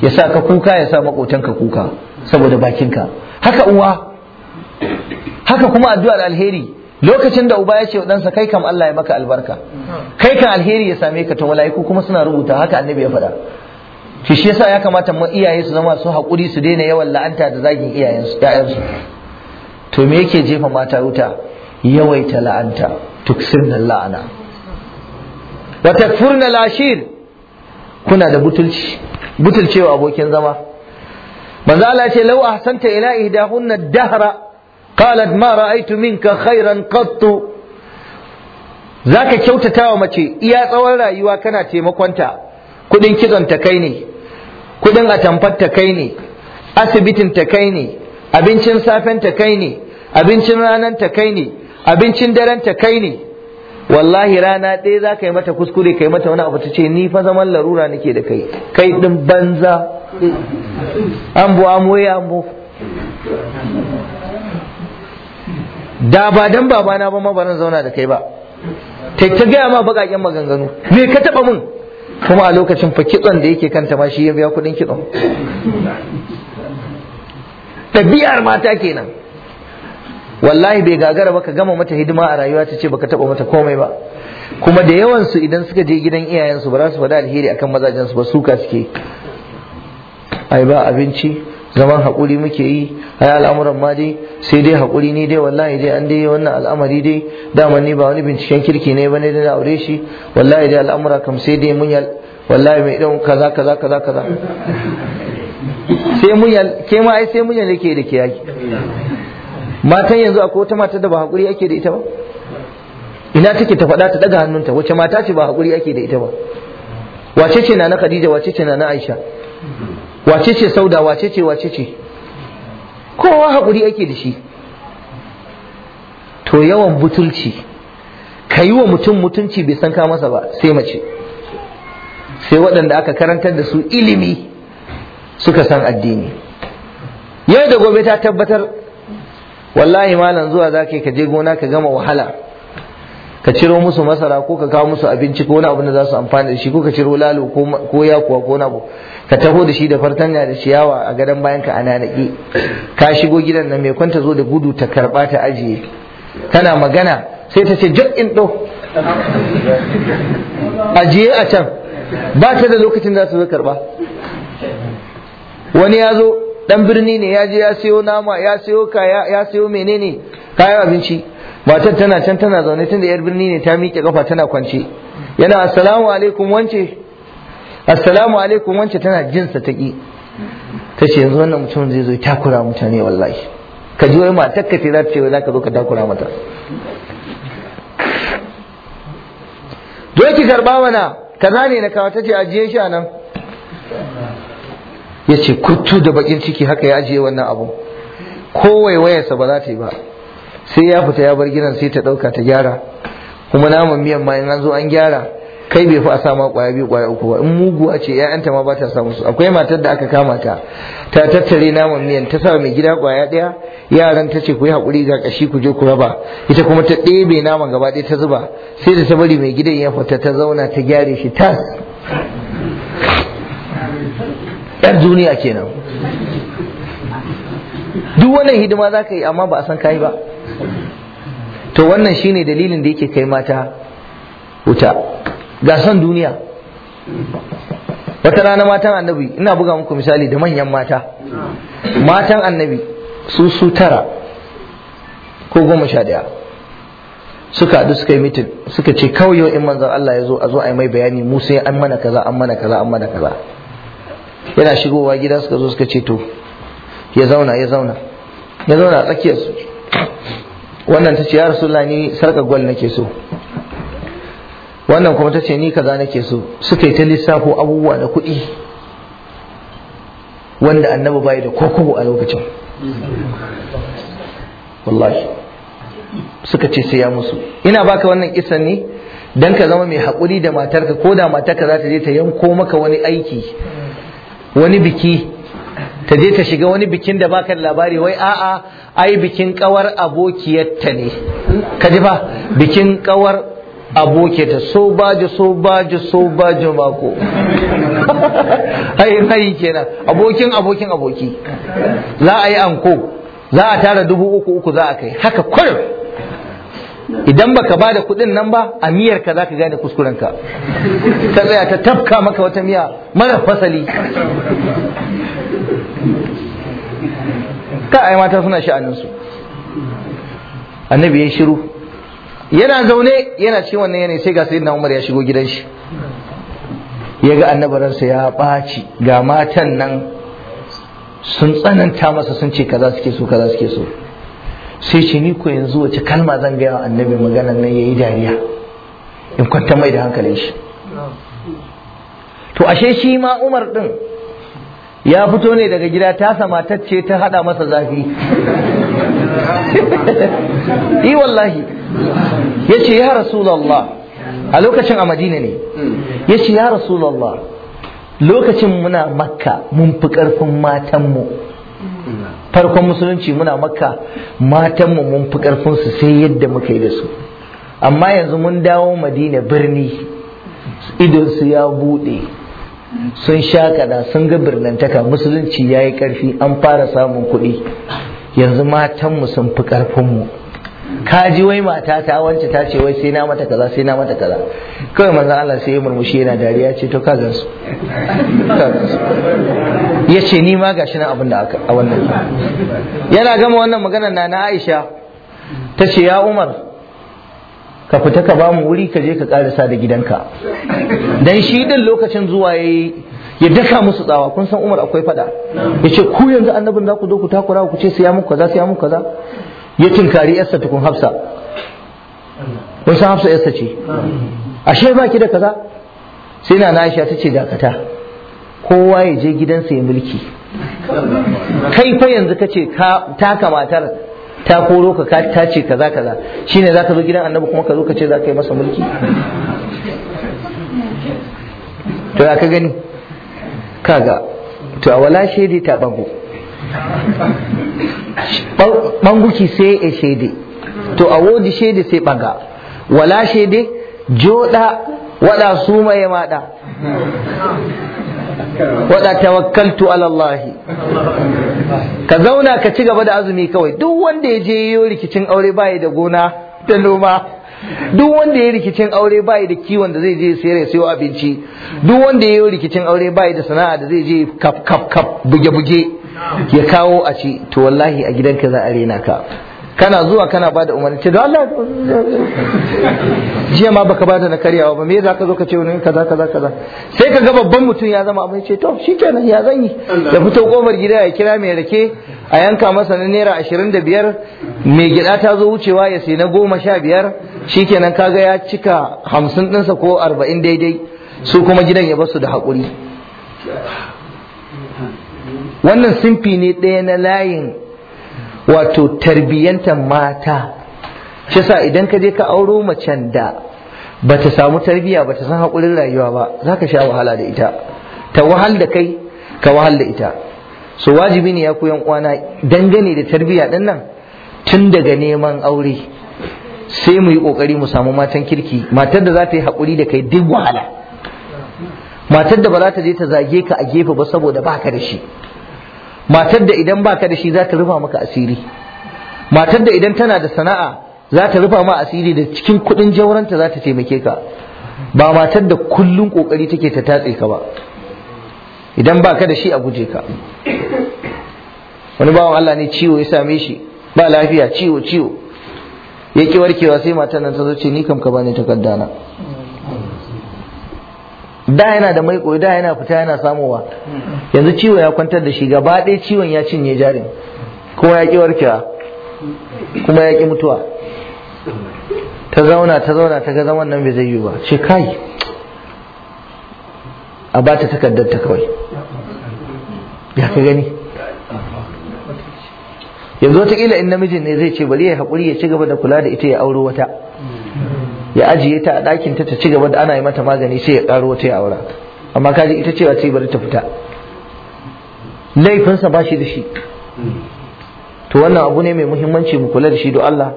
ya sa ka kuka ya sa maƙotanka kuka saboda bakinka haka uwa haka kuma addu'ar alheri lokacin da uba ya ce ɗansa kai kam Allah ya maka albarka kai kan alheri ya same ka to mala'iku kuma suna rubuta haka annabi ya faɗa shi shi yasa ya kamata mu iyaye su zama su haƙuri su daina yawan la'anta da zagin iyayensu ƴaƴansu to me yake jefa mata wuta yawaita la'anta tuksirna la'ana wa takfurna lashir kuna da butulci butulcewa abokin zama manzo Allah ce law ahsanta ila ihdahunna dahra qalat ma ra'aytu minka khairan qatt zaka kyautata wa mace iya tsawon rayuwa kana taimakonta kudin kitson ta kai ne kudin atamfar ta kai ne asibitin ta kai ne abincin safen ta kai ne abincin ranan ta kai ne abincin daren ta kai ne wallahi rana ɗaya za ka yi mata kuskure kai mata wani abu ta ce ni fa zaman larura nake da kai kai ɗin banza ambo amwe ambo eh, da ba dan babana ba ma ba zan zauna da kai ba ta ta gaya ma bakaken maganganu me ka taba mun kuma a lokacin fa kitson da yake kanta ma shi ya biya kudin kitson ɗabi'ar mata kenan wallahi bai gagara ba ka gama mata hidima a rayuwa ta ce baka taba mata komai ba kuma da yawansu idan suka je gidan iyayen su ba za su faɗa alheri akan mazajen su ba suka suke ai ba abinci zaman haƙuri muke yi ai al'amuran ma dai sai dai haƙuri ni dai wallahi dai an dai wannan al'amari dai daman ni ba wani binciken kirki ne ba ne da aure shi wallahi dai al'amura kam sai dai mun wallahi mai idan kaza kaza kaza kaza sai mun ke ma ai sai mun yake da ke yaki matan yanzu akwai wata mata da ba haƙuri ake da ita ba ina take ta faɗa ta daga hannunta wace mata ce ba haƙuri ake da ita ba wace ce na na Khadija wace ce na na Aisha wace ce sauda wace ce wace ce kowa haƙuri ake da shi to yawan butulci ka yi wa mutum mutunci bai san ka masa ba sai mace sai waɗanda aka karantar da su ilimi suka san addini yau da gobe ta tabbatar wallahi malam zuwa za ka je gona ka gama wahala ka ciro musu masara ko ka kawo musu abinci ko wani abu da za su amfani da shi ko ka ciro lalo ko yakuwa ko na ka taho da shi da fartanya da ciyawa a gadon bayan ka ananaki ka shigo gidan nan mai kwanta zo da gudu ta karba ta ajiye tana magana sai ta ce jak in do
ajiye a can ba ta
da lokacin za su zo karba wani ya zo dan birni ne ya je ya sayo nama ya sayo kaya ya sayo menene kayan abinci matar tana can tana zaune tun yar birni ne ta miƙe kafa tana kwance yana assalamu alaikum wance assalamu alaikum wance tana jinsa ta ki ta ce yanzu wannan mutum zai zo takura mutane wallahi ka ji wai matar ka ce za ta ce za ka zo ka takura mata Doki karba mana kaza ne na kawo ta ce ajiye shi a nan ya ce kuttu da bakin ciki haka ya ajiye wannan abu ko waiwayarsa ba za ta yi ba sai ya fita ya bar gidan sai ta ɗauka ta gyara kuma naman miyan ma in an zo an gyara kai bai fi a sama kwaya biyu kwaya uku ba in muguwa ce ya'yanta ma ba ta samu su akwai matar da aka kama ta ta tattare naman miyan ta sa mai gida kwaya daya yaran ta ce ku yi haƙuri ga ƙashi ku je ku raba ita kuma ta ɗebe naman gaba ɗaya ta zuba sai da ta bari mai gidan ya fita ta zauna ta gyare shi tas yar duniya kenan duk wannan hidima za ka yi amma ba a san kai ba to wannan shine dalilin da yake kai mata wuta ga son duniya wata rana matan annabi ina buga muku misali da manyan mata matan annabi su su tara ko goma sha daya suka haɗu suka yi mitin suka ce kawai yau in manzan Allah ya zo a zo a yi mai bayani mu sai an mana kaza an mana kaza an mana kaza yana shigowa gida suka zo suka ce to ya zauna ya zauna ya zauna a tsakiyarsu wannan ta ce ya rasu ni sarka gwal nake so wannan kuma ta ce ni kaza nake so suka yi ta lissafo abubuwa da kuɗi wanda annabi bai da kokobo a lokacin
wallahi suka ce sai ya musu
ina baka wannan kisan ne dan ka zama mai haƙuri da matarka ko da matarka za ta je ta yanko maka wani aiki wani biki ta je ta shiga wani bikin da baka da labari wai a'a ai bikin kawar abokiyarta ne ka ji ba bikin kawar ta so ji so ji so bajo mako hayin hayi kenan abokin abokin aboki za a yi anko za a tara dubu uku uku za a kai haka kwarar idan baka ba da kuɗin nan ba a miyar ka za ka gane ka.
ta tsaya ta tafka
maka wata miya mara fasali ka ai mata suna sha'aninsu annabi ya shiru yana zaune yana ciwon wannan yanayi sai ga sayyidina Umar ya shigo gidan shi ya ga annabaransa ya ɓaci ga matan nan sun tsananta masa sun ce kaza suke so kaza suke so sai ce ni ko yanzu wace kalma zan gaya wa annabi maganan nan ya yi dariya in kwanta mai da hankalin shi to ashe shi ma Umar din ya fito ne daga gida ta samatacce ta hada masa zafi eh wallahi ya ce ya rasulallah a lokacin a madina ne ya ya rasulallah lokacin muna makka mun fi ƙarfin matanmu farkon musulunci muna makka matanmu mun fi ƙarfinsu sai yadda muka yi da su amma yanzu mun dawo madina birni idonsu ya buɗe sun shakada sun ga birnantaka musulunci ya yi ƙarfi an fara samun kuɗi yanzu matanmu sun fi ƙarfinmu ka ji wai mata ta wance ta ce wai sai na mata kaza sai na mata kaza kawai manzo Allah sai ya murmushi yana dariya ce to ka su, ya ce ni ma gashi nan abin da aka a wannan yana gama wannan maganar na na Aisha ta ce ya Umar ka fita ka ba mu wuri ka je ka karasa da gidanka dan shi din lokacin zuwa yayi ya daka musu tsawa kun san Umar akwai fada ya ce ku yanzu annabin za ku zo ku takura ku ce siya muku kaza siya muku kaza ya tinkari yarsa tukun hafsa san hafsa yarsa ce ashe ba ki da kaza sai na Aisha ta ce dakata kowa ya je gidansa ya mulki kai fa yanzu ka ce ta kamatar ta koro ka ta ce kaza kaza shine zaka zo gidan annabi kuma ka zo ka ce zaka yi masa mulki to ya ka gani kaga to a wala shede ta bago banguki sai e shede to a wodi shede sai baga wala shede Joɗa, waɗa suma ya maɗa waɗa tawakkaltu ala ka zauna ka ci gaba da azumi kawai duk wanda ya je yayo rikicin aure baya da gona da noma duk wanda ya rikicin aure bayi da kiwon da zai je sayar ya sayo abinci duk wanda ya yi rikicin aure bayi da sana'a da zai je kaf kaf kaf buge buge ya kawo a ci to wallahi a gidanka za a rena ka kana zuwa kana bada umarni ce don Allah jiya ma baka bada na karyawa ba me za ka zo ka ce wani kaza kaza kaza sai ka ga babban mutum ya zama abin ce to shikenan ya zan yi ya fito komar gida ya kira mai rake a yanka masa na naira ashirin da biyar mai gida ta zo wucewa ya sai na goma sha biyar shikenan kaga ya cika hamsin ɗinsa ko arba'in daidai su kuma gidan ya basu da haƙuri wannan simfi ne ɗaya na layin wato tarbiyyanta mata shi sa idan ka je ka auro macen da bata samu tarbiyya bata san haƙurin rayuwa ba za ka sha wahala da ita ta wahal da kai ka wahal da ita so wajibi ne ya koyan kwana dangane da tarbiyya din nan tun daga neman aure sai mu yi ƙoƙari mu samu matan kirki matar da za ta yi haƙuri da kai duk wahala matar da ba za ta je ta zage ka a gefe ba saboda baka da shi matar da idan baka da shi za ta rufa maka asiri matar da idan tana da sana'a za ta rufa ma asiri da cikin kudin jauranta za ta taimake ka ba matar da kullum kokari take ta tatse ka ba idan baka da shi a guje ka wani bawan Allah ne ciwo ya same shi ba lafiya ciwo ciwo ya warkewa sai matar nan ta zo ce ni kam ka bani takarda na da yana da mai koyi da yana fita yana samowa yanzu ciwo ya kwantar da shi gaba ɗaya ciwon ya cinye jarin kuma ya ƙi warkewa kuma ya ƙi mutuwa ta zauna ta zauna ta ga zaman nan bai zai yi ba ce kai a ba ta takardar ta kawai ya ka gani yanzu wataƙila in namijin ne zai ce bari ya haƙuri ya ci gaba da kula da ita ya auro wata ya ajiye ta a ɗakin ta ta ci gaba da ana yi mata magani sai ya ƙaro wata ya aura amma kaji ita cewa ce bari ta fita laifinsa ba shi da shi to wannan abu ne mai muhimmanci mu kula da shi don Allah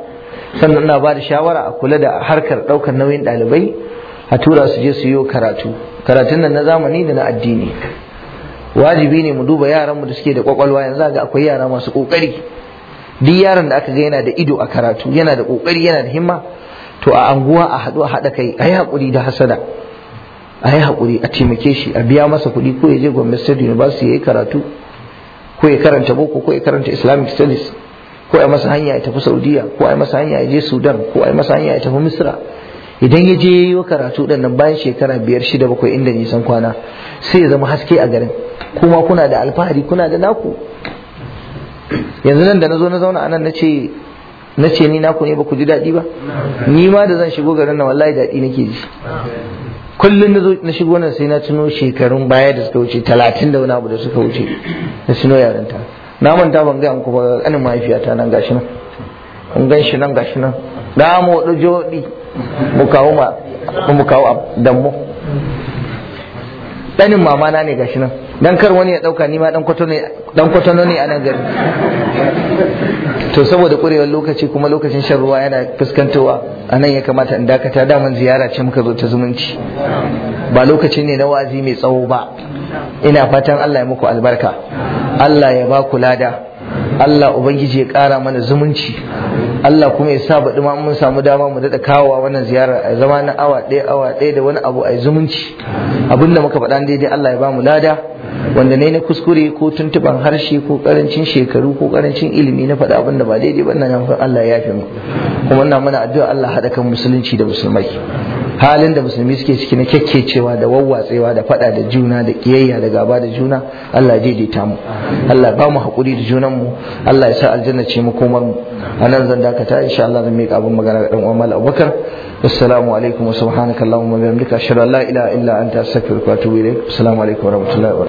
sannan na ba da shawara a kula da harkar ɗaukar nauyin ɗalibai a tura su je su yi karatu karatun nan na zamani da na addini wajibi ne mu duba yaranmu da suke da kwakwalwa yanzu ga akwai yara masu kokari duk yaron da aka ga yana da ido a karatu yana da kokari yana da himma to a anguwa a haɗu a haɗa kai a yi haƙuri da hasada a yi haƙuri a taimake shi a biya masa kuɗi ko ya je state university ya yi karatu ko ya karanta boko ko ya karanta islamic studies ko a masa hanya ya tafi saudiya ko a masa hanya ya je sudan ko a masa hanya ya tafi misra idan ya je yi karatu ɗin nan bayan shekara biyar shida bakwai inda nisan kwana sai ya zama haske a garin kuma kuna da alfahari kuna da naku yanzu nan da nazo na zauna anan na ce na ce ni naku ne ba ku ji daɗi ba ni ma da zan shigo garin na wallahi daɗi nake ji kullum na na shigo nan sai na tuno shekarun baya da suka wuce talatin da wani abu da suka wuce na tuno yarinta na manta ban gaya muku ba ƙanin mahaifiyata nan gashi nan in gan shi nan gashi nan da mu wadu jodi mu kawo ma mu kawo mu ɗanin mama na ne gashi nan dan kar wani ya ɗauka ni ma dan kwatano ne a nan gari to saboda kurewar lokaci kuma lokacin shan ruwa yana fuskantowa a nan ya kamata in dakata daman ziyara ce muka zo ta zumunci ba lokaci ne na wazi mai tsawo ba ina fatan Allah ya muku albarka Allah ya ba ku lada Allah Ubangiji ya ƙara mana zumunci Allah kuma ya sa baɗi ma mun samu dama mu daɗa kawowa wannan ziyara a zama na awa ɗaya awa ɗaya da wani abu a zumunci abinda muka faɗa daidai Allah ya ba mu lada wanda ne na kuskure ko tuntuban harshe ko karancin shekaru ko karancin ilimi na faɗa abin da ba daidai ba nan Allah ya yafe mu kuma ina mana addu'a Allah haɗa kan musulunci da musulmai halin da musulmi suke ciki na cewa da wawwatsewa da faɗa da juna da kiyayya da gaba da juna Allah ya daidaita mu Allah ba mu haƙuri da junan mu Allah ya sa aljanna ce mu komar mu nan zan dakata insha Allah zan miƙa abin magana ga dan uwa Malam Abubakar assalamu alaikum wa subhanakallahumma wa bihamdika ashhadu an la ilaha illa anta astaghfiruka wa atubu ilaik assalamu alaikum wa rahmatullahi wa